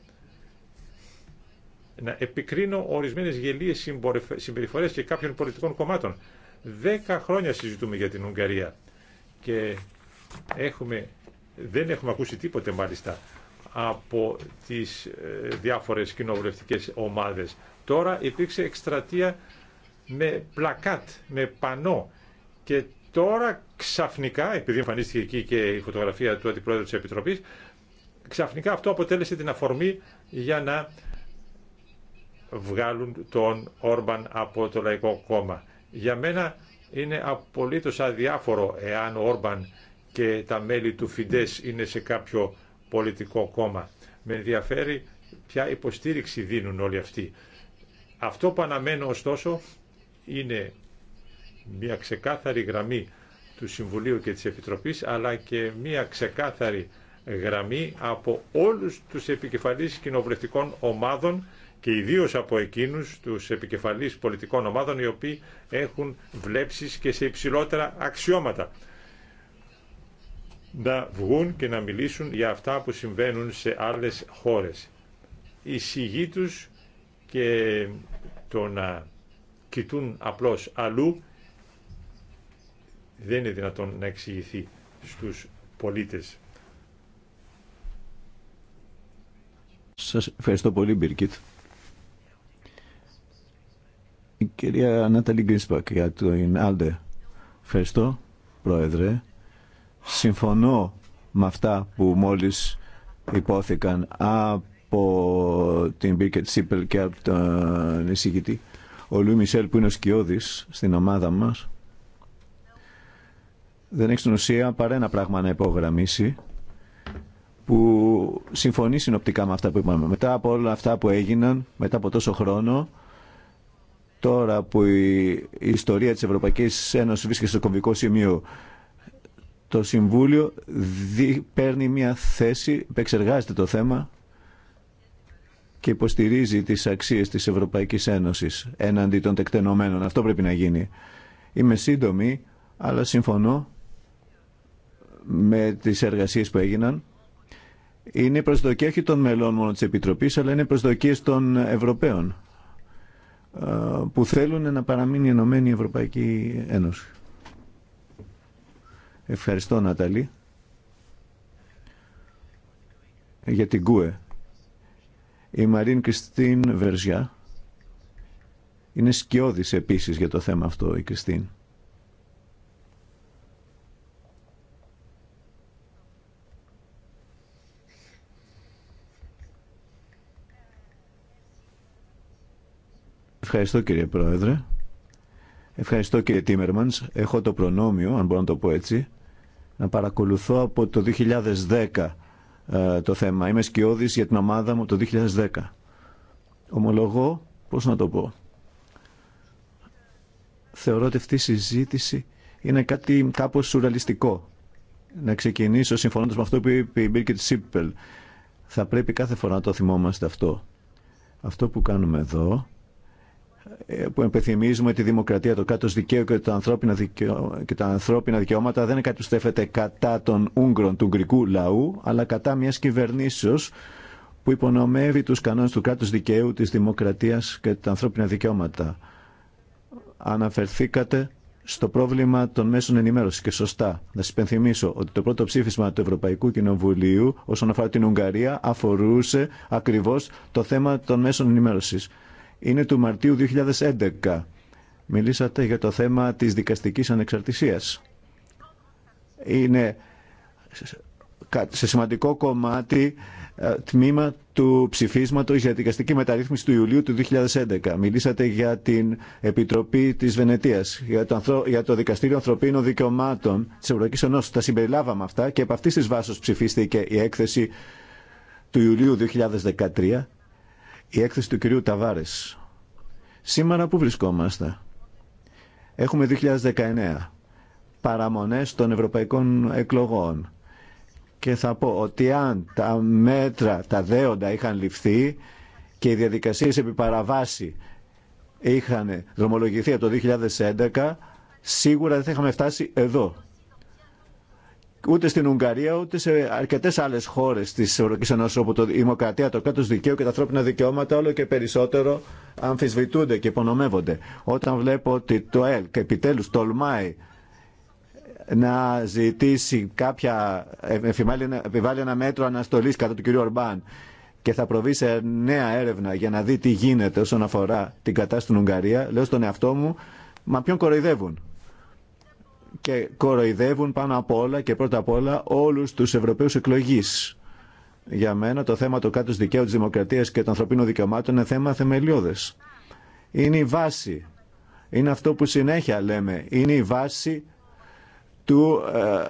να επικρίνω ορισμένες γελίες συμπεριφορές και κάποιων πολιτικών κομμάτων. Δέκα χρόνια συζητούμε για την Ουγγαρία και Έχουμε, δεν έχουμε ακούσει τίποτε μάλιστα από τις ε, διάφορες κοινοβουλευτικέ ομάδες. Τώρα υπήρξε εκστρατεία με πλακάτ, με πανό και τώρα ξαφνικά, επειδή εμφανίστηκε εκεί και η φωτογραφία του Αντιπρόεδρου της Επιτροπής, ξαφνικά αυτό αποτέλεσε την αφορμή για να βγάλουν τον Όρμπαν από το Λαϊκό Κόμμα. Για μένα είναι απολύτως αδιάφορο εάν ο Όρμπαν και τα μέλη του Φιντές είναι σε κάποιο πολιτικό κόμμα. Με ενδιαφέρει ποια υποστήριξη δίνουν όλοι αυτοί. Αυτό που αναμένω ωστόσο είναι μια ξεκάθαρη γραμμή του Συμβουλίου και της Επιτροπής αλλά και μια ξεκάθαρη γραμμή από όλους τους επικεφαλείς κοινοβουλευτικών ομάδων και ιδίως από εκείνους τους επικεφαλείς πολιτικών ομάδων οι οποίοι έχουν βλέψεις και σε υψηλότερα αξιώματα να βγουν και να μιλήσουν για αυτά που συμβαίνουν σε άλλες χώρες. Η σιγή τους και το να κοιτούν απλώς αλλού δεν είναι δυνατόν να εξηγηθεί στους πολίτες. Σας ευχαριστώ πολύ Μπίρκιτ. Η κυρία Νάταλη Γκρίσπακ για το Άλντε. Ευχαριστώ, Πρόεδρε. Συμφωνώ με αυτά που μόλις υπόθηκαν από την Μπίκετ Σίπελ και από τον εισηγητή. Ο Λουί Μισελ που είναι ο σκιώδης στην ομάδα μας δεν έχει στην ουσία παρά ένα πράγμα να υπογραμμίσει που συμφωνεί συνοπτικά με αυτά που είπαμε. Μετά από όλα αυτά που έγιναν, μετά από τόσο χρόνο, τώρα που η ιστορία της Ευρωπαϊκής Ένωσης βρίσκεται στο κομβικό σημείο το Συμβούλιο δι, παίρνει μια θέση, επεξεργάζεται το θέμα και υποστηρίζει τις αξίες της Ευρωπαϊκής Ένωσης έναντι των τεκτενωμένων. Αυτό πρέπει να γίνει. Είμαι σύντομη, αλλά συμφωνώ με τις εργασίες που έγιναν. Είναι προσδοκία όχι των μελών μόνο της Επιτροπής, αλλά είναι προσδοκίες των Ευρωπαίων ε, που θέλουν να παραμείνει η Ενωμένη Ευρωπαϊκή Ένωση. Ευχαριστώ Ναταλή για την ΚΟΕ. Η Μαρίν Κριστίν Βερζιά είναι σκιώδης επίσης για το θέμα αυτό η Κριστίν. Ευχαριστώ κύριε Πρόεδρε. Ευχαριστώ κύριε Τίμερμανς. Έχω το προνόμιο, αν μπορώ να το πω έτσι, να παρακολουθώ από το 2010 ε, το θέμα. Είμαι σκιώδης για την ομάδα μου το 2010. Ομολογώ, πώς να το πω. Θεωρώ ότι αυτή η συζήτηση είναι κάτι κάπως σουραλιστικό. Να ξεκινήσω συμφωνώντας με αυτό που είπε η Μπίρκετ Σίπελ. Θα πρέπει κάθε φορά να το θυμόμαστε αυτό. Αυτό που κάνουμε εδώ ε, που επιθυμίζουμε τη δημοκρατία, το κράτο δικαίου και τα, ανθρώπινα δικαιώματα δεν είναι κάτι που στέφεται κατά των Ούγγρων, του Ουγγρικού λαού, αλλά κατά μια κυβερνήσεω που υπονομεύει του κανόνε του κράτου δικαίου, τη δημοκρατία και τα ανθρώπινα δικαιώματα. Αναφερθήκατε στο πρόβλημα των μέσων ενημέρωση και σωστά. Να σα υπενθυμίσω ότι το πρώτο ψήφισμα του Ευρωπαϊκού Κοινοβουλίου όσον αφορά την Ουγγαρία αφορούσε ακριβώ το θέμα των μέσων ενημέρωση είναι του Μαρτίου 2011. Μιλήσατε για το θέμα της δικαστικής ανεξαρτησίας. Είναι σε σημαντικό κομμάτι ε, τμήμα του ψηφίσματος για δικαστική μεταρρύθμιση του Ιουλίου του 2011. Μιλήσατε για την Επιτροπή της Βενετίας, για το, για το Δικαστήριο Ανθρωπίνων Δικαιωμάτων της Ευρωπαϊκής Ενώσης. Τα συμπεριλάβαμε αυτά και από αυτής της βάσης ψηφίστηκε η έκθεση του Ιουλίου 2013 η έκθεση του κυρίου Ταβάρες. Σήμερα που βρισκόμαστε. Έχουμε 2019 παραμονές των ευρωπαϊκών εκλογών και θα πω ότι αν τα μέτρα, τα δέοντα είχαν ληφθεί και οι διαδικασίες επί παραβάση είχαν δρομολογηθεί από το 2011 σίγουρα δεν θα είχαμε φτάσει εδώ ούτε στην Ουγγαρία ούτε σε αρκετέ άλλε χώρε τη Ευρωπαϊκή Ένωση όπου το δημοκρατία, το κράτο δικαίου και τα ανθρώπινα δικαιώματα όλο και περισσότερο αμφισβητούνται και υπονομεύονται. Όταν βλέπω ότι το ΕΛΚ επιτέλου τολμάει να ζητήσει κάποια, επιβάλλει ένα μέτρο αναστολή κατά του κ. Ορμπάν και θα προβεί σε νέα έρευνα για να δει τι γίνεται όσον αφορά την κατάσταση στην Ουγγαρία, λέω στον εαυτό μου, μα ποιον κοροϊδεύουν και κοροϊδεύουν πάνω απ' όλα και πρώτα απ' όλα όλους τους Ευρωπαίους εκλογείς. Για μένα το θέμα του κάτω δικαίου της δημοκρατίας και των ανθρωπίνων δικαιωμάτων είναι θέμα θεμελιώδες. Είναι η βάση, είναι αυτό που συνέχεια λέμε, είναι η βάση του ε,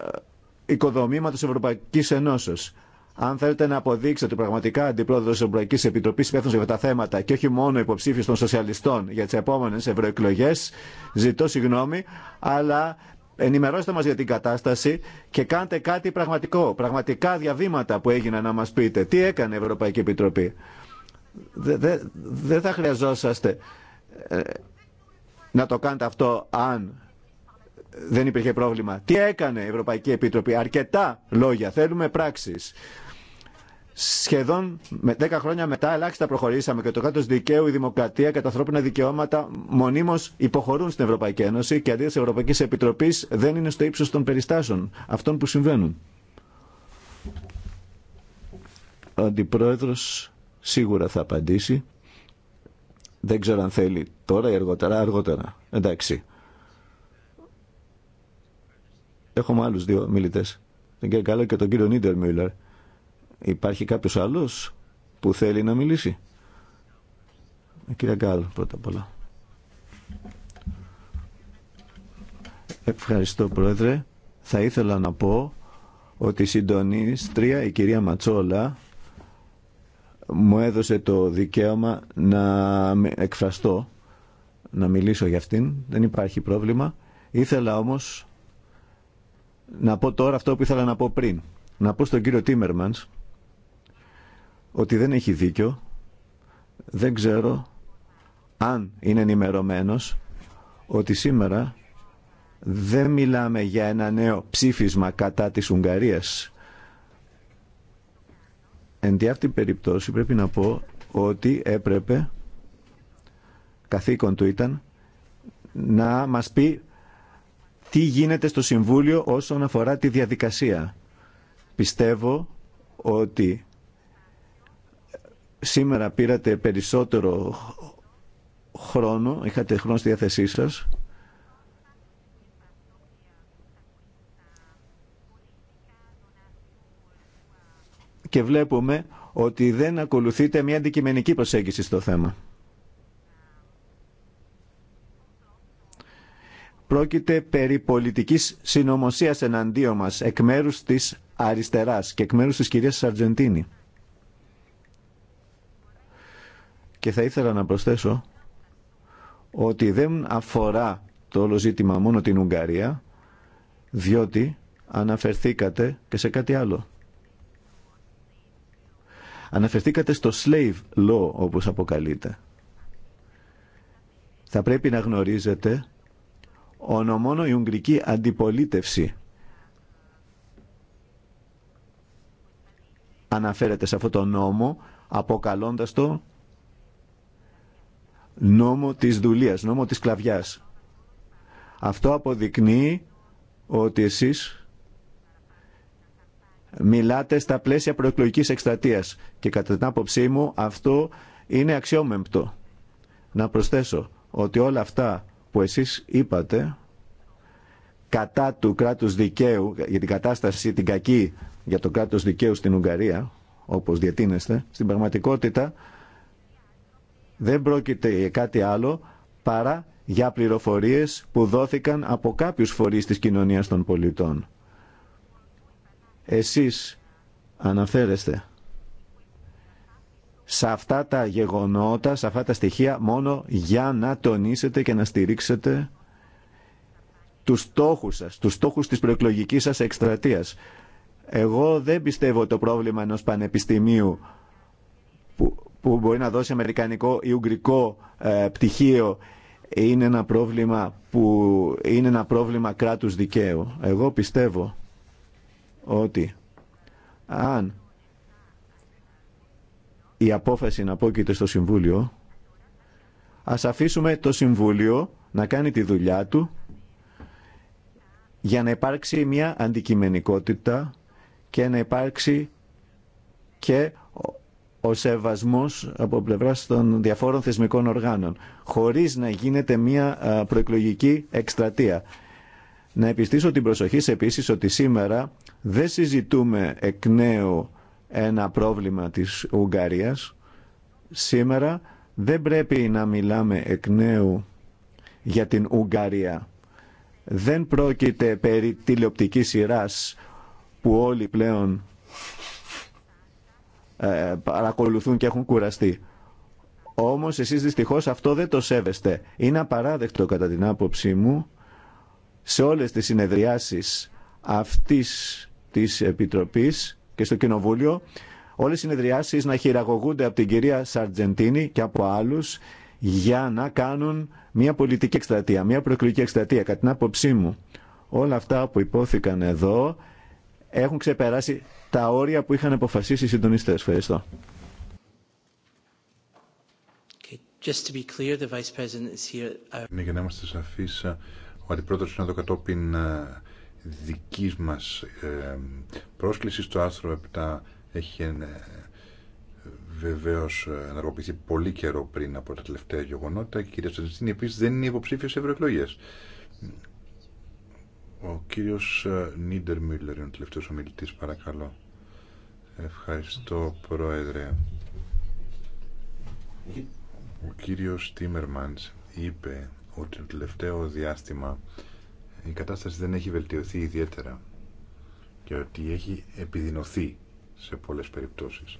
οικοδομήματος Ευρωπαϊκής Ενώσεως. Αν θέλετε να αποδείξετε πραγματικά αντιπρόεδρο τη Ευρωπαϊκή Επιτροπή υπεύθυνο για αυτά τα θέματα και όχι μόνο υποψήφιο των σοσιαλιστών για τι επόμενε ευρωεκλογέ, ζητώ συγγνώμη, αλλά ενημερώστε μας για την κατάσταση και κάντε κάτι πραγματικό, πραγματικά διαβήματα που έγιναν να μας πείτε. Τι έκανε η Ευρωπαϊκή Επιτροπή. Δεν δε, θα χρειαζόσαστε ε, να το κάνετε αυτό αν δεν υπήρχε πρόβλημα. Τι έκανε η Ευρωπαϊκή Επιτροπή. Αρκετά λόγια. Θέλουμε πράξεις σχεδόν με 10 χρόνια μετά ελάχιστα προχωρήσαμε και το κράτο δικαίου, η δημοκρατία και τα ανθρώπινα δικαιώματα μονίμω υποχωρούν στην Ευρωπαϊκή Ένωση και αντί τη Ευρωπαϊκή Επιτροπή δεν είναι στο ύψο των περιστάσεων αυτών που συμβαίνουν. Ο αντιπρόεδρος σίγουρα θα απαντήσει. Δεν ξέρω αν θέλει τώρα ή αργότερα. Αργότερα. Εντάξει. Έχουμε άλλους δύο μιλητές. Τον κύριο Καλό και τον κύριο Νίτερ Μιούλερ. Υπάρχει κάποιος άλλος που θέλει να μιλήσει. Ε, κύριε Γκάλ, πρώτα απ' όλα. Ευχαριστώ, Πρόεδρε. Θα ήθελα να πω ότι η συντονίστρια, η κυρία Ματσόλα, μου έδωσε το δικαίωμα να εκφραστώ, να μιλήσω για αυτήν. Δεν υπάρχει πρόβλημα. Ήθελα όμως να πω τώρα αυτό που ήθελα να πω πριν. Να πω στον κύριο Τίμερμανς ότι δεν έχει δίκιο. Δεν ξέρω αν είναι ενημερωμένο ότι σήμερα δεν μιλάμε για ένα νέο ψήφισμα κατά της Ουγγαρίας. Εν τη την περιπτώση πρέπει να πω ότι έπρεπε, καθήκον του ήταν, να μας πει τι γίνεται στο Συμβούλιο όσον αφορά τη διαδικασία. Πιστεύω ότι Σήμερα πήρατε περισσότερο χρόνο, είχατε χρόνο στη διάθεσή σας. Και βλέπουμε ότι δεν ακολουθείτε μια αντικειμενική προσέγγιση στο θέμα. Πρόκειται περί πολιτικής συνωμοσίας εναντίον μας εκ μέρους της αριστεράς και εκ μέρους της κυρίας Αργεντίνη. Και θα ήθελα να προσθέσω ότι δεν αφορά το όλο ζήτημα μόνο την Ουγγαρία, διότι αναφερθήκατε και σε κάτι άλλο. Αναφερθήκατε στο slave law, όπως αποκαλείται. Θα πρέπει να γνωρίζετε ονομόνο η Ουγγρική αντιπολίτευση αναφέρεται σε αυτό το νόμο, αποκαλώντας το νόμο της δουλείας, νόμο της κλαβιάς. Αυτό αποδεικνύει ότι εσείς μιλάτε στα πλαίσια προεκλογικής εκστρατείας και κατά την άποψή μου αυτό είναι αξιόμεμπτο. Να προσθέσω ότι όλα αυτά που εσείς είπατε κατά του κράτους δικαίου, για την κατάσταση την κακή για το κράτος δικαίου στην Ουγγαρία, όπως διατείνεστε, στην πραγματικότητα δεν πρόκειται για κάτι άλλο παρά για πληροφορίες που δόθηκαν από κάποιους φορείς της κοινωνίας των πολιτών. Εσείς αναφέρεστε σε αυτά τα γεγονότα, σε αυτά τα στοιχεία μόνο για να τονίσετε και να στηρίξετε τους στόχους σας, τους στόχους της προεκλογικής σας εκστρατείας. Εγώ δεν πιστεύω το πρόβλημα ενός πανεπιστημίου που μπορεί να δώσει αμερικανικό ή ουγγρικό ε, πτυχίο είναι ένα πρόβλημα που είναι ένα πρόβλημα κράτους δικαίου. Εγώ πιστεύω ότι αν η απόφαση να απόκειται στο Συμβούλιο ας αφήσουμε το Συμβούλιο να κάνει τη δουλειά του για να υπάρξει μια αντικειμενικότητα και να υπάρξει και ο σεβασμός από πλευράς των διαφόρων θεσμικών οργάνων, χωρίς να γίνεται μια προεκλογική εκστρατεία. Να επιστήσω την προσοχή σε επίσης ότι σήμερα δεν συζητούμε εκ νέου ένα πρόβλημα της Ουγγαρίας. Σήμερα δεν πρέπει να μιλάμε εκ νέου για την Ουγγαρία. Δεν πρόκειται περί τηλεοπτικής σειράς που όλοι πλέον ε, παρακολουθούν και έχουν κουραστεί. Όμως εσείς δυστυχώς αυτό δεν το σέβεστε. Είναι απαράδεκτο κατά την άποψή μου σε όλες τις συνεδριάσεις αυτής της Επιτροπής και στο Κοινοβούλιο όλες οι συνεδριάσεις να χειραγωγούνται από την κυρία Σαρτζεντίνη και από άλλους για να κάνουν μια πολιτική εκστρατεία, μια προεκλογική εκστρατεία. Κατά την άποψή μου όλα αυτά που υπόθηκαν εδώ έχουν ξεπεράσει τα όρια που είχαν αποφασίσει οι συντονιστές. Ευχαριστώ. Ναι, για να είμαστε σαφείς, ε, ο αντιπρόεδρος είναι εδώ κατόπιν ε, δικής μας ε, πρόσκλησης. Το άρθρο 7 έχει βεβαίω βεβαίως ε, ενεργοποιηθεί πολύ καιρό πριν από τα τελευταία γεγονότα και η κυρία Σταντιστίνη επίσης δεν είναι υποψήφια σε ευρωεκλογές. Ο κύριος Νίντερ Μιλλερ είναι ο τελευταίος ομιλητής, παρακαλώ. Ευχαριστώ, Πρόεδρε. Ο κύριος Τίμερμαντς είπε ότι το τελευταίο διάστημα η κατάσταση δεν έχει βελτιωθεί ιδιαίτερα και ότι έχει επιδεινωθεί σε πολλές περιπτώσεις.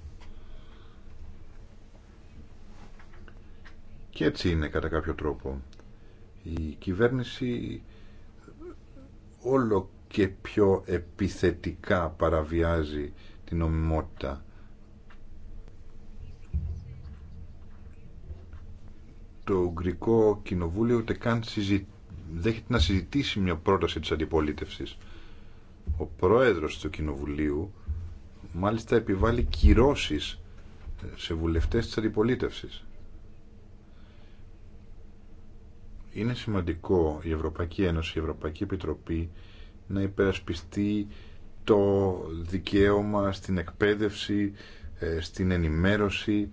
Και έτσι είναι κατά κάποιο τρόπο. Η κυβέρνηση όλο και πιο επιθετικά παραβιάζει την νομιμότητα. Το Ουγγρικό Κοινοβούλιο ούτε καν δέχεται να συζητήσει μια πρόταση της αντιπολίτευσης. Ο πρόεδρος του Κοινοβουλίου μάλιστα επιβάλλει κυρώσεις ε, σε βουλευτές της αντιπολίτευσης. Είναι σημαντικό η Ευρωπαϊκή Ένωση, η Ευρωπαϊκή Επιτροπή να υπερασπιστεί το δικαίωμα στην εκπαίδευση, ε, στην ενημέρωση.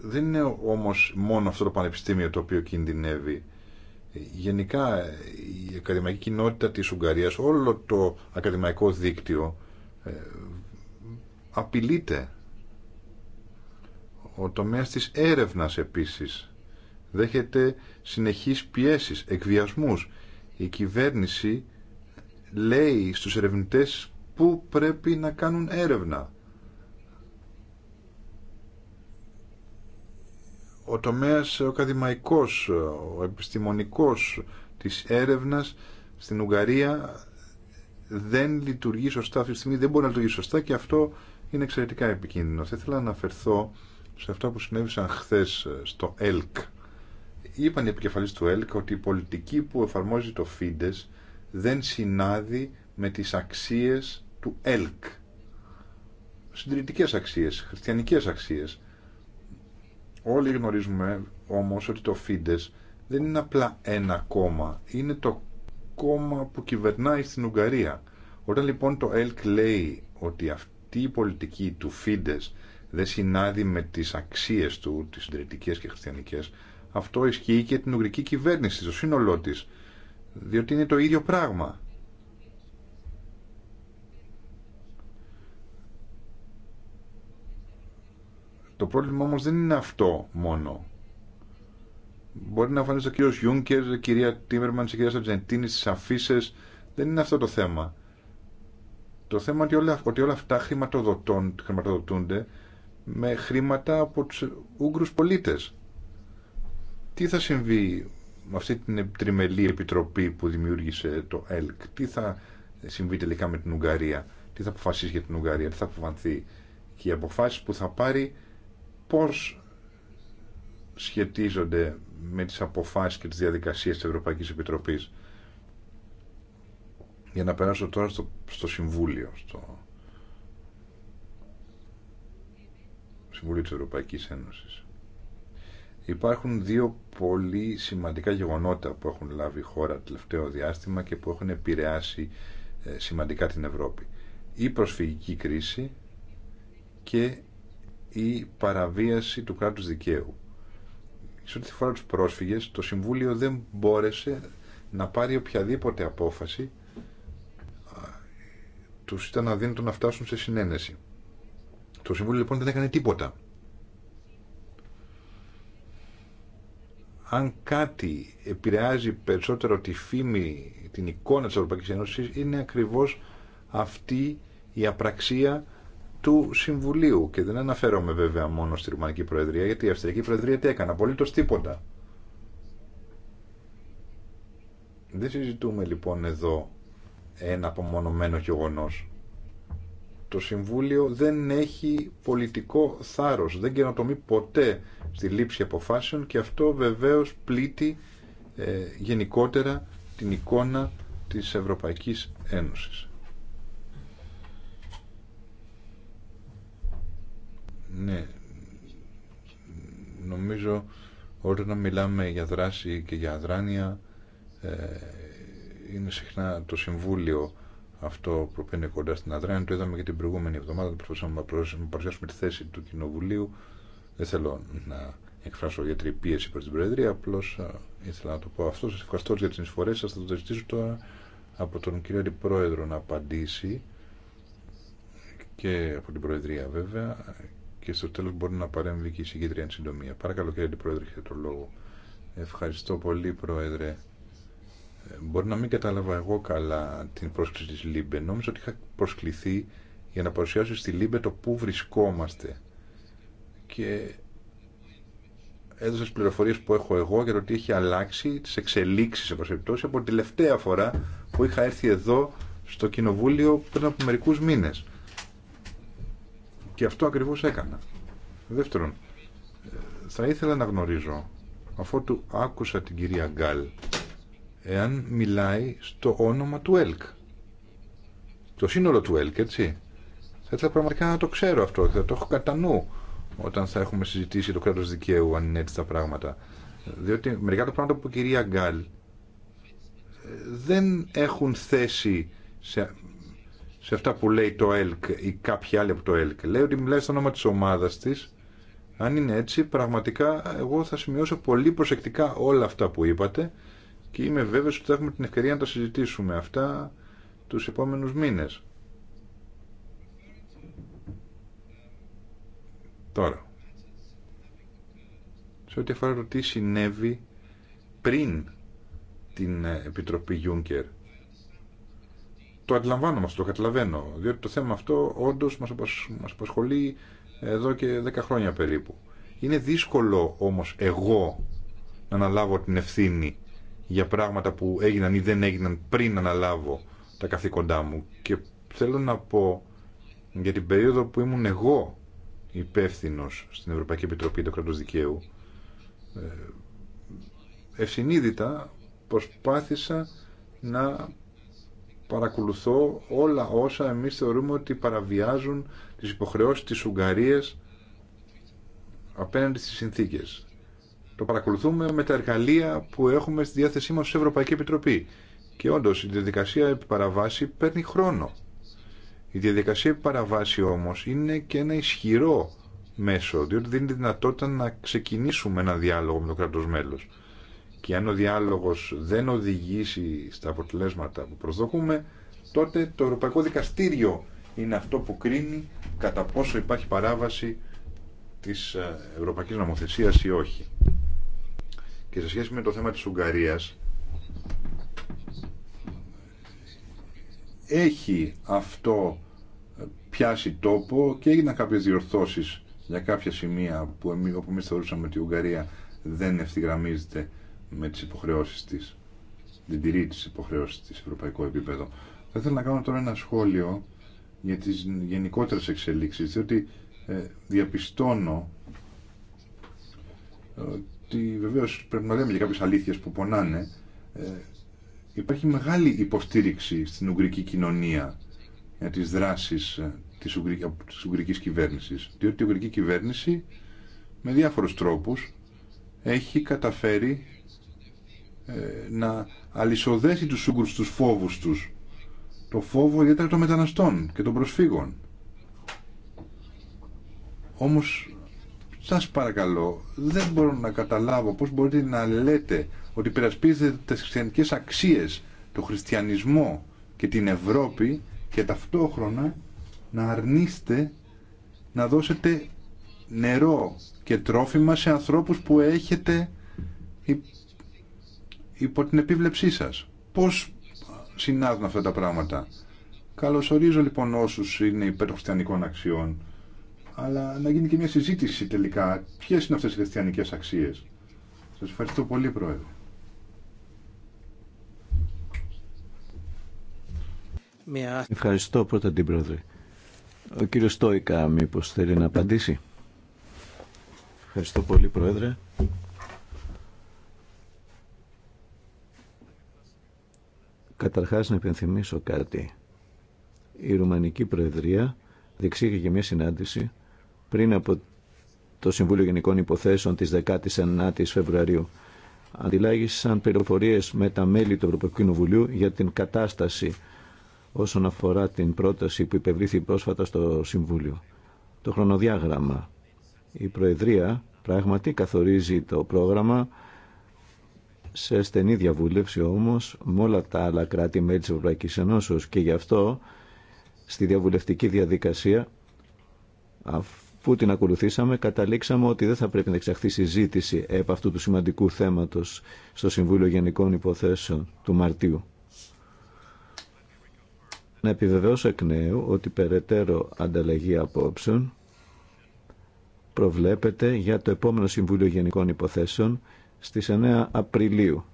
Δεν είναι όμως μόνο αυτό το πανεπιστήμιο το οποίο κινδυνεύει. Γενικά η ακαδημαϊκή κοινότητα της Ουγγαρίας, όλο το ακαδημαϊκό δίκτυο ε, απειλείται. Ο τομέας της έρευνας επίσης δέχεται συνεχείς πιέσεις, εκβιασμούς. Η κυβέρνηση λέει στους ερευνητές πού πρέπει να κάνουν έρευνα. Ο τομέας ο ακαδημαϊκός, ο επιστημονικός της έρευνας στην Ουγγαρία δεν λειτουργεί σωστά αυτή τη στιγμή, δεν μπορεί να λειτουργεί σωστά και αυτό είναι εξαιρετικά επικίνδυνο. Θα ήθελα να αναφερθώ σε αυτά που συνέβησαν χθες στο ΕΛΚ. Είπαν οι επικεφαλής του ΕΛΚ ότι η πολιτική που εφαρμόζει το ΦΙΝΤΕΣ δεν συνάδει με τις αξίες του ΕΛΚ. Συντηρητικές αξίες, χριστιανικές αξίες. Όλοι γνωρίζουμε όμως ότι το ΦΙΝΤΕΣ δεν είναι απλά ένα κόμμα, είναι το κόμμα που κυβερνάει στην Ουγγαρία. Όταν λοιπόν το ΕΛΚ λέει ότι αυτή η πολιτική του ΦΙΝΤΕΣ δεν συνάδει με τις αξίες του, τις συντηρητικές και χριστιανικές, αυτό ισχύει και την Ουγγρική κυβέρνηση, το σύνολό της διότι είναι το ίδιο πράγμα. Το πρόβλημα όμως δεν είναι αυτό μόνο. Μπορεί να φανείς ο κύριο Γιούνκερ, η κυρία Τίμερμαν, η κυρία Σαρτζεντίνη, στι αφήσει. Δεν είναι αυτό το θέμα. Το θέμα είναι ότι όλα αυτά χρηματοδοτούνται με χρήματα από τους Ούγγρους πολίτες. Τι θα συμβεί με αυτή την τριμελή επιτροπή που δημιούργησε το ΕΛΚ, τι θα συμβεί τελικά με την Ουγγαρία, τι θα αποφασίσει για την Ουγγαρία, τι θα αποφανθεί και οι αποφάσεις που θα πάρει πώς σχετίζονται με τις αποφάσεις και τις διαδικασίες της Ευρωπαϊκής Επιτροπής για να περάσω τώρα στο, στο Συμβούλιο στο Συμβούλιο της Ευρωπαϊκής Ένωσης Υπάρχουν δύο πολύ σημαντικά γεγονότα που έχουν λάβει η χώρα το τελευταίο διάστημα και που έχουν επηρεάσει ε, σημαντικά την Ευρώπη. Η προσφυγική κρίση και η παραβίαση του κράτους δικαίου. Σε ό,τι φορά τους πρόσφυγες, το Συμβούλιο δεν μπόρεσε να πάρει οποιαδήποτε απόφαση τους ήταν αδύνατο να φτάσουν σε συνένεση. Το Συμβούλιο λοιπόν δεν έκανε τίποτα αν κάτι επηρεάζει περισσότερο τη φήμη, την εικόνα της Ευρωπαϊκής Ένωσης, είναι ακριβώς αυτή η απραξία του Συμβουλίου. Και δεν αναφέρομαι βέβαια μόνο στη Ρουμανική Προεδρία, γιατί η Αυστριακή Προεδρία τι έκανε, απολύτως τίποτα. Δεν συζητούμε λοιπόν εδώ ένα απομονωμένο γεγονός το Συμβούλιο δεν έχει πολιτικό θάρρος, δεν καινοτομεί ποτέ στη λήψη αποφάσεων και αυτό βεβαίως πλήττει ε, γενικότερα την εικόνα της Ευρωπαϊκής Ένωσης. Ναι, νομίζω όταν μιλάμε για δράση και για αδράνεια ε, είναι συχνά το Συμβούλιο αυτό που είναι κοντά στην Αδράνη. Το είδαμε και την προηγούμενη εβδομάδα που προσπαθήσαμε να παρουσιάσουμε τη θέση του Κοινοβουλίου. Δεν θέλω να εκφράσω για πίεση προ την Προεδρία, απλώ ήθελα να το πω αυτό. Σα ευχαριστώ για τι συνεισφορέ σα. Θα το ζητήσω τώρα από τον κύριο Αντιπρόεδρο να απαντήσει και από την Προεδρία βέβαια και στο τέλος μπορεί να παρέμβει και η συγκέντρια εν συντομία. Παρακαλώ κύριε Αντιπρόεδρε, έχετε το λόγο. Ευχαριστώ πολύ Πρόεδρε. Μπορεί να μην κατάλαβα εγώ καλά την πρόσκληση της ΛΥΜΠΕ. Νόμιζα ότι είχα προσκληθεί για να παρουσιάσω στη ΛΥΜΠΕ το πού βρισκόμαστε. Και έδωσα τις πληροφορίες που έχω εγώ για το τι έχει αλλάξει, τις εξελίξεις σε από την τελευταία φορά που είχα έρθει εδώ στο Κοινοβούλιο πριν από μερικούς μήνες. Και αυτό ακριβώς έκανα. Δεύτερον, ε, θα ήθελα να γνωρίζω, αφού του άκουσα την κυρία Γκάλ, εάν μιλάει στο όνομα του ΕΛΚ. Το σύνολο του ΕΛΚ, έτσι. Θα ήθελα πραγματικά να το ξέρω αυτό, θα το έχω κατά νου όταν θα έχουμε συζητήσει το κράτο δικαίου, αν είναι έτσι τα πράγματα. Διότι μερικά τα πράγματα που η κυρία Γκάλ ε, δεν έχουν θέση σε, σε αυτά που λέει το ΕΛΚ ή κάποιοι άλλοι από το ΕΛΚ. Λέει ότι μιλάει στο όνομα τη ομάδα τη, Αν είναι έτσι, πραγματικά εγώ θα σημειώσω πολύ προσεκτικά όλα αυτά που είπατε και είμαι βέβαιος ότι θα έχουμε την ευκαιρία να τα συζητήσουμε αυτά τους επόμενους μήνες. Τώρα, σε ό,τι αφορά το τι συνέβη πριν την ε, Επιτροπή Juncker, το αντιλαμβάνομαι, το καταλαβαίνω, διότι το θέμα αυτό όντως μας απασχολεί εδώ και 10 χρόνια περίπου. Είναι δύσκολο όμως εγώ να αναλάβω την ευθύνη για πράγματα που έγιναν ή δεν έγιναν πριν αναλάβω τα καθήκοντά μου. Και θέλω να πω για την περίοδο που ήμουν εγώ υπεύθυνο στην Ευρωπαϊκή Επιτροπή του Κράτου Δικαίου, ε, ευσυνείδητα προσπάθησα να παρακολουθώ όλα όσα εμείς θεωρούμε ότι παραβιάζουν τις υποχρεώσεις της Ουγγαρίας απέναντι στις συνθήκες. Το παρακολουθούμε με τα εργαλεία που έχουμε στη διάθεσή μας στην Ευρωπαϊκή Επιτροπή. Και όντω η διαδικασία επί παραβάση παίρνει χρόνο. Η διαδικασία επί παραβάση όμως είναι και ένα ισχυρό μέσο, διότι δίνει τη δυνατότητα να ξεκινήσουμε ένα διάλογο με το κράτος μέλος. Και αν ο διάλογος δεν οδηγήσει στα αποτελέσματα που προσδοκούμε, τότε το Ευρωπαϊκό Δικαστήριο είναι αυτό που κρίνει κατά πόσο υπάρχει παράβαση της ε, Ευρωπαϊκής Νομοθεσίας ή όχι. Και σε σχέση με το θέμα της Ουγγαρίας, έχει αυτό πιάσει τόπο και έγιναν κάποιες διορθώσεις για κάποια σημεία που εμείς, όπου εμείς θεωρούσαμε ότι η Ουγγαρία δεν ευθυγραμμίζεται με τις υποχρεώσεις της, δεν τηρεί τις υποχρεώσεις της ευρωπαϊκό επίπεδο. Θα ήθελα να κάνω τώρα ένα σχόλιο για τις γενικότερες εξελίξεις, διότι ε, διαπιστώνω ε, ότι βεβαίως πρέπει να λέμε για κάποιες αλήθειες που πονάνε, ε, υπάρχει μεγάλη υποστήριξη στην Ουγγρική κοινωνία για τις δράσεις ε, της, Ουγγρικής, κυβέρνησης. Διότι η Ουγγρική κυβέρνηση με διάφορους τρόπους έχει καταφέρει ε, να αλυσοδέσει τους Ούγγρους τους φόβους τους. Το φόβο ιδιαίτερα των μεταναστών και των προσφύγων. Όμως σας παρακαλώ, δεν μπορώ να καταλάβω πώς μπορείτε να λέτε ότι περασπίζετε τις χριστιανικές αξίες, το χριστιανισμό και την Ευρώπη και ταυτόχρονα να αρνείστε να δώσετε νερό και τρόφιμα σε ανθρώπους που έχετε υπό την επίβλεψή σας. Πώς συνάδουν αυτά τα πράγματα. Καλωσορίζω λοιπόν όσους είναι υπέρ χριστιανικών αξιών αλλά να γίνει και μια συζήτηση τελικά. Ποιε είναι αυτέ οι χριστιανικέ αξίε. Σα ευχαριστώ πολύ, Πρόεδρε. Ευχαριστώ πρώτα την Πρόεδρε. Ο κύριος Στόικα μήπως θέλει να απαντήσει. Ευχαριστώ πολύ, Πρόεδρε. Καταρχάς να υπενθυμίσω κάτι. Η Ρουμανική Προεδρία διεξήγηκε μια συνάντηση πριν από το Συμβούλιο Γενικών Υποθέσεων της 19ης Φεβρουαρίου. Αντιλάγησαν πληροφορίες με τα μέλη του Ευρωπαϊκού Κοινοβουλίου για την κατάσταση όσον αφορά την πρόταση που υπευλήθη πρόσφατα στο Συμβούλιο. Το χρονοδιάγραμμα. Η Προεδρία πράγματι καθορίζει το πρόγραμμα σε στενή διαβούλευση όμως με όλα τα άλλα κράτη-μέλη της Ευρωπαϊκής Ενώσεως και γι' αυτό στη διαβουλευτική διαδικασία που την ακολουθήσαμε, καταλήξαμε ότι δεν θα πρέπει να εξαχθεί συζήτηση επ' αυτού του σημαντικού θέματος στο Συμβούλιο Γενικών Υποθέσεων του Μαρτίου. Να επιβεβαιώσω εκ νέου ότι περαιτέρω ανταλλαγή απόψεων προβλέπεται για το επόμενο Συμβούλιο Γενικών Υποθέσεων στις 9 Απριλίου,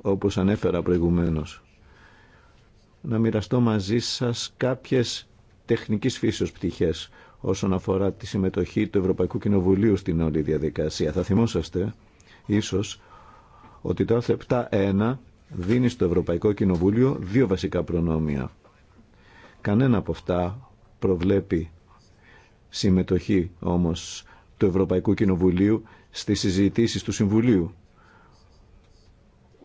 όπως ανέφερα προηγουμένως. Να μοιραστώ μαζί σας κάποιες τεχνικής φύσεως πτυχές όσον αφορά τη συμμετοχή του Ευρωπαϊκού Κοινοβουλίου στην όλη διαδικασία. Θα θυμόσαστε ίσως ότι το άρθρο 7.1 δίνει στο Ευρωπαϊκό Κοινοβούλιο δύο βασικά προνόμια. Κανένα από αυτά προβλέπει συμμετοχή όμως του Ευρωπαϊκού Κοινοβουλίου στις συζητήσεις του Συμβουλίου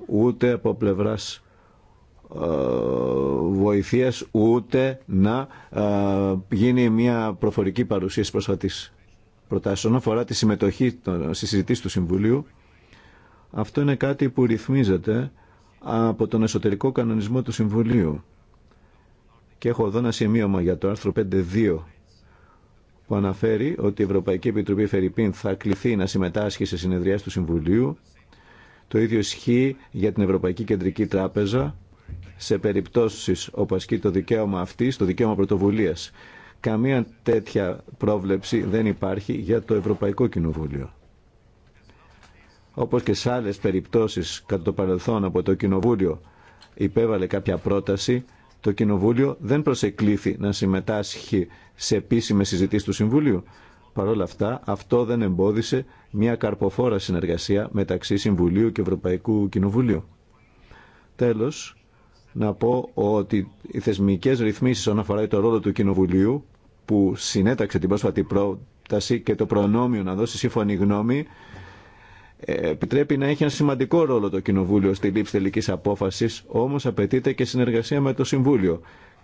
ούτε από πλευράς ε, βοηθείας ούτε να ε, γίνει μια προφορική παρουσίαση πρόσφατης προτάσεις. Όσον αφορά τη συμμετοχή στη συζητήση του Συμβουλίου, αυτό είναι κάτι που ρυθμίζεται από τον εσωτερικό κανονισμό του Συμβουλίου. Και έχω εδώ ένα σημείωμα για το άρθρο 5.2 που αναφέρει ότι η Ευρωπαϊκή Επιτροπή Φερρυπίν θα κληθεί να συμμετάσχει σε συνεδριάσεις του Συμβουλίου. Το ίδιο ισχύει για την Ευρωπαϊκή Κεντρική Τράπεζα σε περιπτώσεις όπου ασκεί το δικαίωμα αυτή, το δικαίωμα πρωτοβουλίας. Καμία τέτοια πρόβλεψη δεν υπάρχει για το Ευρωπαϊκό Κοινοβούλιο. Όπως και σε άλλες περιπτώσεις κατά το παρελθόν από το Κοινοβούλιο υπέβαλε κάποια πρόταση, το Κοινοβούλιο δεν προσεκλήθη να συμμετάσχει σε επίσημες συζητήσει του Συμβουλίου. Παρ' όλα αυτά, αυτό δεν εμπόδισε μια καρποφόρα συνεργασία μεταξύ Συμβουλίου και Ευρωπαϊκού Κοινοβουλίου. Τέλος, να πω ότι οι θεσμικές ρυθμίσεις όσον αφορά το ρόλο του Κοινοβουλίου που συνέταξε την πρόσφατη πρόταση και το προνόμιο να δώσει σύμφωνη γνώμη ε, επιτρέπει να έχει ένα σημαντικό ρόλο το Κοινοβούλιο στη λήψη τελική απόφαση, όμω απαιτείται και συνεργασία με το Συμβούλιο.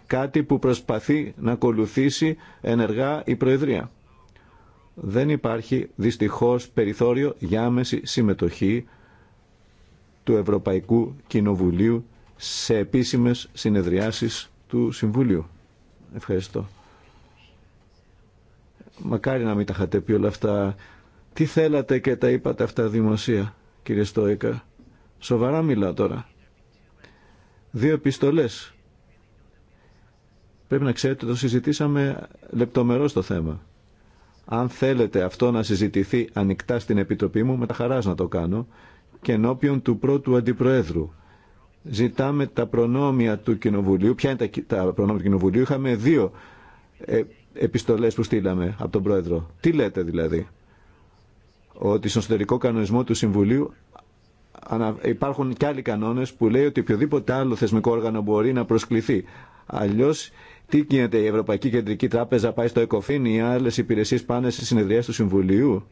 Κάτι που προσπαθεί να ακολουθήσει ενεργά η Προεδρία. Δεν υπάρχει δυστυχώς περιθώριο για άμεση συμμετοχή του Ευρωπαϊκού Κοινοβουλίου σε επίσημες συνεδριάσεις του Συμβουλίου. Ευχαριστώ. Μακάρι να μην τα είχατε πει όλα αυτά. Τι θέλατε και τα είπατε αυτά δημοσία, κύριε Στόικα. Σοβαρά μιλάω τώρα. Δύο επιστολές. Πρέπει να ξέρετε, το συζητήσαμε λεπτομερό το θέμα. Αν θέλετε αυτό να συζητηθεί ανοιχτά στην Επιτροπή μου, με τα χαράς να το κάνω, και ενώπιον του πρώτου Αντιπροέδρου ζητάμε τα προνόμια του Κοινοβουλίου. Ποια είναι τα, τα προνόμια του Κοινοβουλίου. Είχαμε δύο ε, επιστολές που στείλαμε από τον Πρόεδρο. Τι λέτε δηλαδή. Ότι στον εσωτερικό κανονισμό του Συμβουλίου υπάρχουν και άλλοι κανόνες που λέει ότι οποιοδήποτε άλλο θεσμικό όργανο μπορεί να προσκληθεί. Αλλιώς τι γίνεται, η Ευρωπαϊκή Κεντρική Τράπεζα πάει στο ΕΚΟΦΗΝ ή άλλες υπηρεσίες πάνε στις συνεδριές του Συμβουλίου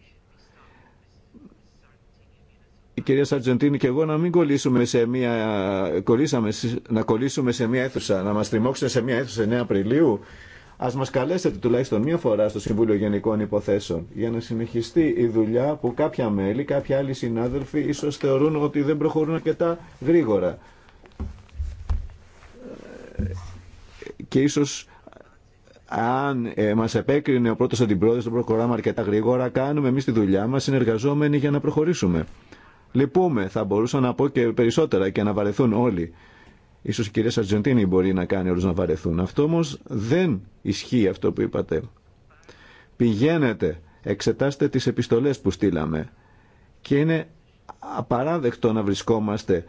κυρία Σαρτζεντίνη και εγώ να μην κολλήσουμε σε μια, κολλήσαμε, να κολλήσουμε σε μια αίθουσα, να μας τριμώξετε σε μια αίθουσα 9 Απριλίου. Ας μας καλέσετε τουλάχιστον μία φορά στο Συμβούλιο Γενικών Υποθέσεων για να συνεχιστεί η δουλειά που κάποια μέλη, κάποια άλλοι συνάδελφοι ίσως θεωρούν ότι δεν προχωρούν αρκετά γρήγορα. Και ίσως αν ε, μα επέκρινε ο πρώτο αντιπρόεδρο, δεν προχωράμε αρκετά γρήγορα. Κάνουμε εμεί τη δουλειά μα συνεργαζόμενοι για να προχωρήσουμε. Λυπούμε, θα μπορούσα να πω και περισσότερα και να βαρεθούν όλοι. Ίσως η κυρία Σαρτζεντίνη μπορεί να κάνει όλους να βαρεθούν. Αυτό όμως δεν ισχύει αυτό που είπατε. Πηγαίνετε, εξετάστε τις επιστολές που στείλαμε και είναι απαράδεκτο να βρισκόμαστε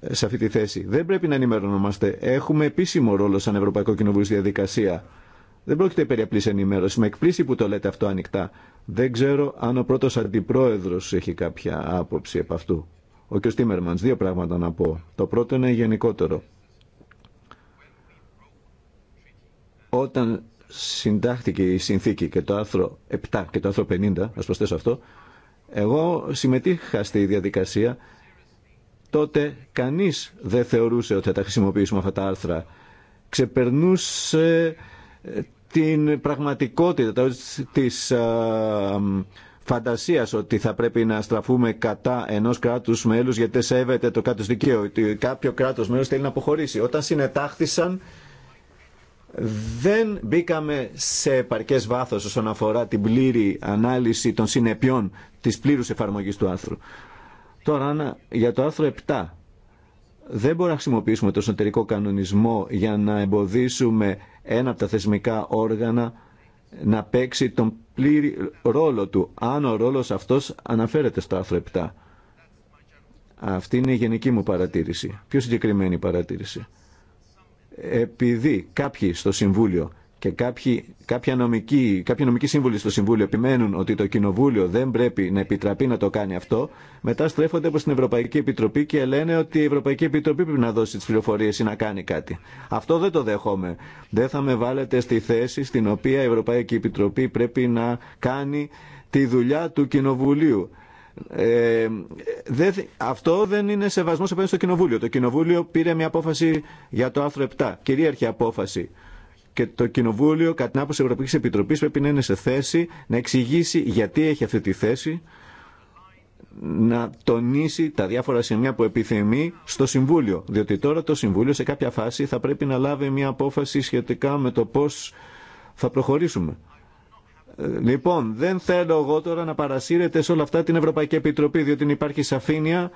ε, σε αυτή τη θέση. Δεν πρέπει να ενημερωνόμαστε. Έχουμε επίσημο ρόλο σαν Ευρωπαϊκό Κοινοβούλιο στη διαδικασία. Δεν πρόκειται περί απλή ενημέρωση. Με εκπλήσει που το λέτε αυτό ανοιχτά. Δεν ξέρω αν ο πρώτος αντιπρόεδρο έχει κάποια άποψη επ' αυτού. Ο κ. Τίμερμανς, δύο πράγματα να πω. Το πρώτο είναι γενικότερο. Όταν συντάχθηκε η συνθήκη και το άρθρο 7 και το άρθρο 50, ας προσθέσω αυτό, εγώ συμμετείχα στη διαδικασία, τότε κανεί δεν θεωρούσε ότι θα τα χρησιμοποιήσουμε αυτά τα άρθρα. Ξεπερνούσε ε, την πραγματικότητα της ε, φαντασίας ότι θα πρέπει να στραφούμε κατά ενός κράτους μέλους γιατί σέβεται το κράτος δικαίου, ότι κάποιο κράτος μέλος θέλει να αποχωρήσει. Όταν συνετάχθησαν δεν μπήκαμε σε επαρκές βάθος όσον αφορά την πλήρη ανάλυση των συνεπιών της πλήρους εφαρμογής του άρθρου. Τώρα για το άρθρο 7 δεν μπορούμε να χρησιμοποιήσουμε το εσωτερικό κανονισμό για να εμποδίσουμε ένα από τα θεσμικά όργανα να παίξει τον πλήρη ρόλο του, αν ο ρόλος αυτός αναφέρεται στο άρθρο 7. Αυτή είναι η γενική μου παρατήρηση. Πιο συγκεκριμένη παρατήρηση. Επειδή κάποιοι στο Συμβούλιο και κάποιοι, κάποια, νομική, κάποιοι σύμβουλοι στο Συμβούλιο επιμένουν ότι το Κοινοβούλιο δεν πρέπει να επιτραπεί να το κάνει αυτό, μετά στρέφονται προ την Ευρωπαϊκή Επιτροπή και λένε ότι η Ευρωπαϊκή Επιτροπή πρέπει να δώσει τι πληροφορίε ή να κάνει κάτι. Αυτό δεν το δέχομαι. Δεν θα με βάλετε στη θέση στην οποία η Ευρωπαϊκή Επιτροπή πρέπει να κάνει τη δουλειά του Κοινοβουλίου. Ε, αυτό δεν είναι σεβασμό απέναντι στο Κοινοβούλιο. Το Κοινοβούλιο πήρε μια απόφαση για το άρθρο 7, κυρίαρχη απόφαση. Και το Κοινοβούλιο, κατά την άποψη Ευρωπαϊκή Επιτροπή, πρέπει να είναι σε θέση να εξηγήσει γιατί έχει αυτή τη θέση, να τονίσει τα διάφορα σημεία που επιθυμεί στο Συμβούλιο. Διότι τώρα το Συμβούλιο σε κάποια φάση θα πρέπει να λάβει μια απόφαση σχετικά με το πώς θα προχωρήσουμε. Λοιπόν, δεν θέλω εγώ τώρα να παρασύρετε σε όλα αυτά την Ευρωπαϊκή Επιτροπή, διότι υπάρχει σαφήνεια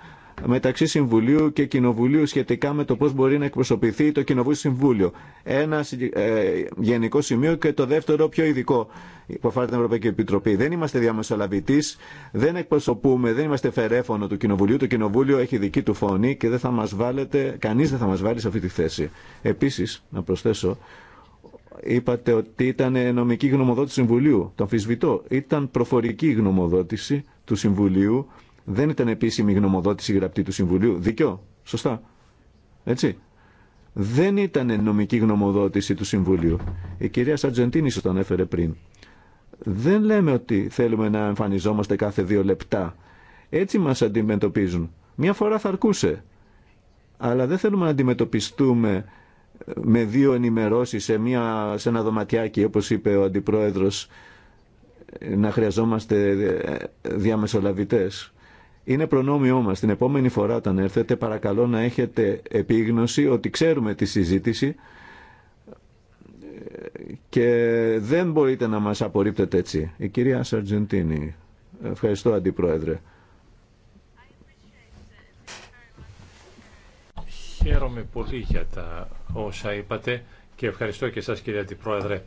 μεταξύ Συμβουλίου και Κοινοβουλίου σχετικά με το πώς μπορεί να εκπροσωπηθεί το Κοινοβούλιο Συμβούλιο. Ένα ε, γενικό σημείο και το δεύτερο πιο ειδικό που αφορά την Ευρωπαϊκή Επιτροπή. Δεν είμαστε διαμεσολαβητή, δεν εκπροσωπούμε, δεν είμαστε φερέφωνο του Κοινοβουλίου. Το Κοινοβούλιο έχει δική του φωνή και δεν θα μας βάλετε, κανείς δεν θα μας βάλει σε αυτή τη θέση. Επίσης, να προσθέσω Είπατε ότι ήταν νομική γνωμοδότηση του Συμβουλίου. Το αμφισβητώ. Ήταν προφορική γνωμοδότηση του Συμβουλίου. Δεν ήταν επίσημη γνωμοδότηση γραπτή του Συμβουλίου. Δικαιό. Σωστά. Έτσι. Δεν ήταν νομική γνωμοδότηση του Συμβουλίου. Η κυρία Σαρτζεντίνη σου τον έφερε πριν. Δεν λέμε ότι θέλουμε να εμφανιζόμαστε κάθε δύο λεπτά. Έτσι μας αντιμετωπίζουν. Μια φορά θα αρκούσε. Αλλά δεν θέλουμε να αντιμετωπιστούμε με δύο ενημερώσεις σε, μια, σε ένα δωματιάκι όπως είπε ο Αντιπρόεδρος να χρειαζόμαστε ε, διαμεσολαβητές. Είναι προνόμιό μας. Την επόμενη φορά όταν έρθετε παρακαλώ να έχετε επίγνωση ότι ξέρουμε τη συζήτηση και δεν μπορείτε να μας απορρίπτετε έτσι. Η κυρία Σαρτζεντίνη. Ευχαριστώ Αντιπρόεδρε. Χαίρομαι πολύ για τα όσα είπατε και ευχαριστώ και εσάς κύριε Αντιπρόεδρε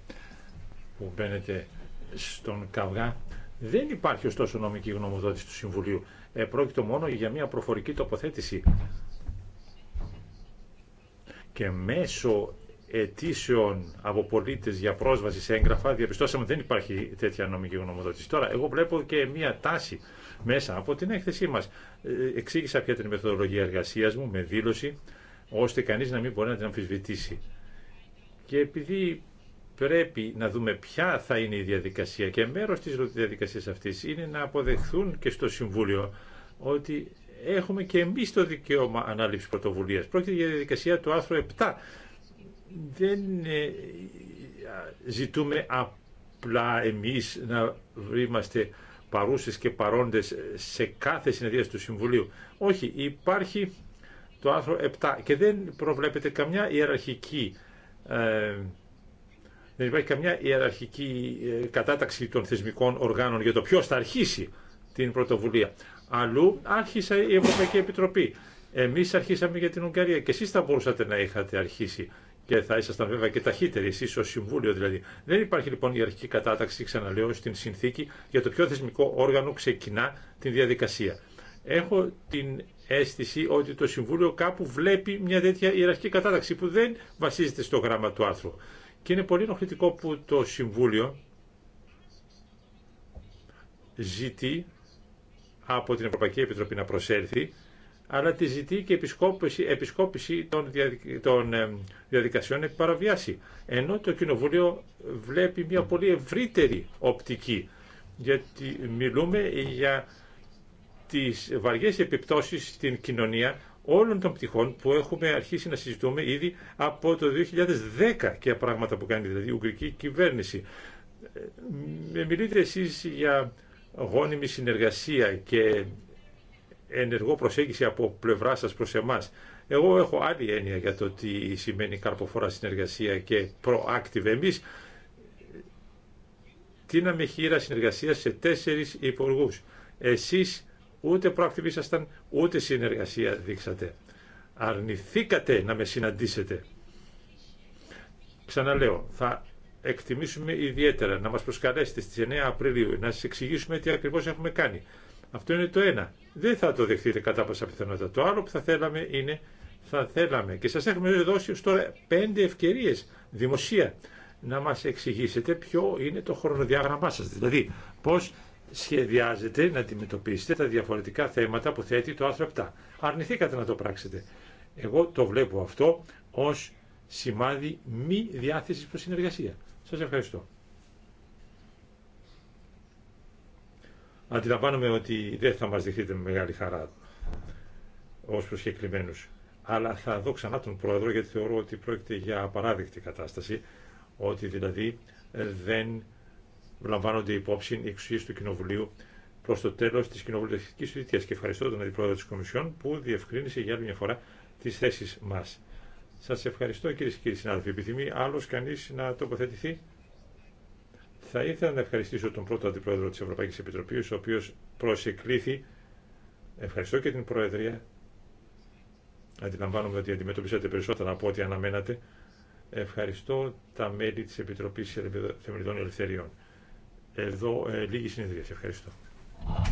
που μπαίνετε στον καυγά. Δεν υπάρχει ωστόσο νομική γνωμοδότηση του Συμβουλίου. Ε, πρόκειται μόνο για μια προφορική τοποθέτηση. Και μέσω αιτήσεων από πολίτε για πρόσβαση σε έγγραφα, διαπιστώσαμε ότι δεν υπάρχει τέτοια νομική γνωμοδότηση. Τώρα, εγώ βλέπω και μία τάση μέσα από την έκθεσή μα. Ε, εξήγησα πια την μεθοδολογία εργασία μου με δήλωση ώστε κανείς να μην μπορεί να την αμφισβητήσει. Και επειδή πρέπει να δούμε ποια θα είναι η διαδικασία και μέρος της διαδικασίας αυτής είναι να αποδεχθούν και στο Συμβούλιο ότι έχουμε και εμείς το δικαίωμα ανάληψης πρωτοβουλίας. Πρόκειται για διαδικασία του άρθρου 7. Δεν ε, ζητούμε απλά εμείς να είμαστε παρούσες και παρόντες σε κάθε συνεδρία του Συμβουλίου. Όχι, υπάρχει το άρθρο 7 και δεν προβλέπεται καμιά ιεραρχική ε, δεν υπάρχει καμιά ιεραρχική ε, κατάταξη των θεσμικών οργάνων για το ποιο θα αρχίσει την πρωτοβουλία. Αλλού άρχισε η Ευρωπαϊκή Επιτροπή. Εμεί αρχίσαμε για την Ουγγαρία και εσεί θα μπορούσατε να είχατε αρχίσει και θα ήσασταν βέβαια και ταχύτεροι εσεί ω Συμβούλιο δηλαδή. Δεν υπάρχει λοιπόν ιεραρχική κατάταξη, ξαναλέω, στην συνθήκη για το ποιο θεσμικό όργανο ξεκινά την διαδικασία. Έχω την αίσθηση ότι το Συμβούλιο κάπου βλέπει μια τέτοια ιεραρχική κατάταξη που δεν βασίζεται στο γράμμα του άρθρου. Και είναι πολύ ενοχλητικό που το Συμβούλιο ζητεί από την Ευρωπαϊκή Επιτροπή να προσέλθει, αλλά τη ζητεί και επισκόπηση, επισκόπηση των, των διαδικασιών έχει παραβιάση. Ενώ το Κοινοβούλιο βλέπει μια πολύ ευρύτερη οπτική, γιατί μιλούμε για τις βαριές επιπτώσεις στην κοινωνία όλων των πτυχών που έχουμε αρχίσει να συζητούμε ήδη από το 2010 και πράγματα που κάνει δηλαδή η Ουγγρική κυβέρνηση. Με ε, μιλείτε εσείς για γόνιμη συνεργασία και ενεργό προσέγγιση από πλευρά σας προς εμάς. Εγώ έχω άλλη έννοια για το τι σημαίνει καρποφόρα συνεργασία και proactive. Εμείς τίναμε χείρα συνεργασία σε τέσσερις υπουργούς. Εσείς Ούτε προακτιβήσασταν, ήσασταν, ούτε συνεργασία δείξατε. Αρνηθήκατε να με συναντήσετε. Ξαναλέω, θα εκτιμήσουμε ιδιαίτερα να μας προσκαλέσετε στις 9 Απριλίου να σας εξηγήσουμε τι ακριβώς έχουμε κάνει. Αυτό είναι το ένα. Δεν θα το δεχτείτε κατά πάσα πιθανότητα. Το άλλο που θα θέλαμε είναι, θα θέλαμε και σας έχουμε δώσει ως τώρα πέντε ευκαιρίες δημοσία να μας εξηγήσετε ποιο είναι το χρονοδιάγραμμά σας. Δηλαδή πώς σχεδιάζετε να αντιμετωπίσετε τα διαφορετικά θέματα που θέτει το άρθρο 7. Αρνηθήκατε να το πράξετε. Εγώ το βλέπω αυτό ως σημάδι μη διάθεσης προς συνεργασία. Σας ευχαριστώ. Αντιλαμβάνομαι ότι δεν θα μας δεχτείτε με μεγάλη χαρά ως προσκεκλημένους. Αλλά θα δω ξανά τον Πρόεδρο γιατί θεωρώ ότι πρόκειται για απαράδεκτη κατάσταση, ότι δηλαδή δεν λαμβάνονται υπόψη οι εξουσίε του Κοινοβουλίου προ το τέλο τη κοινοβουλευτική θητεία. Και ευχαριστώ τον Αντιπρόεδρο τη Κομισιόν που διευκρίνησε για άλλη μια φορά τι θέσει μα. Σα ευχαριστώ κυρίε και κύριοι συνάδελφοι. Επιθυμεί άλλο κανεί να τοποθετηθεί. Θα ήθελα να ευχαριστήσω τον πρώτο Αντιπρόεδρο τη Ευρωπαϊκή Επιτροπή, ο οποίο προσεκλήθη. Ευχαριστώ και την Προεδρία. Αντιλαμβάνομαι ότι αντιμετωπίσατε περισσότερα από ό,τι αναμένατε. Ευχαριστώ τα μέλη της Επιτροπής Θεμελιδών Ελευθεριών. Εδώ ε, λίγη συνεδρία. Ευχαριστώ.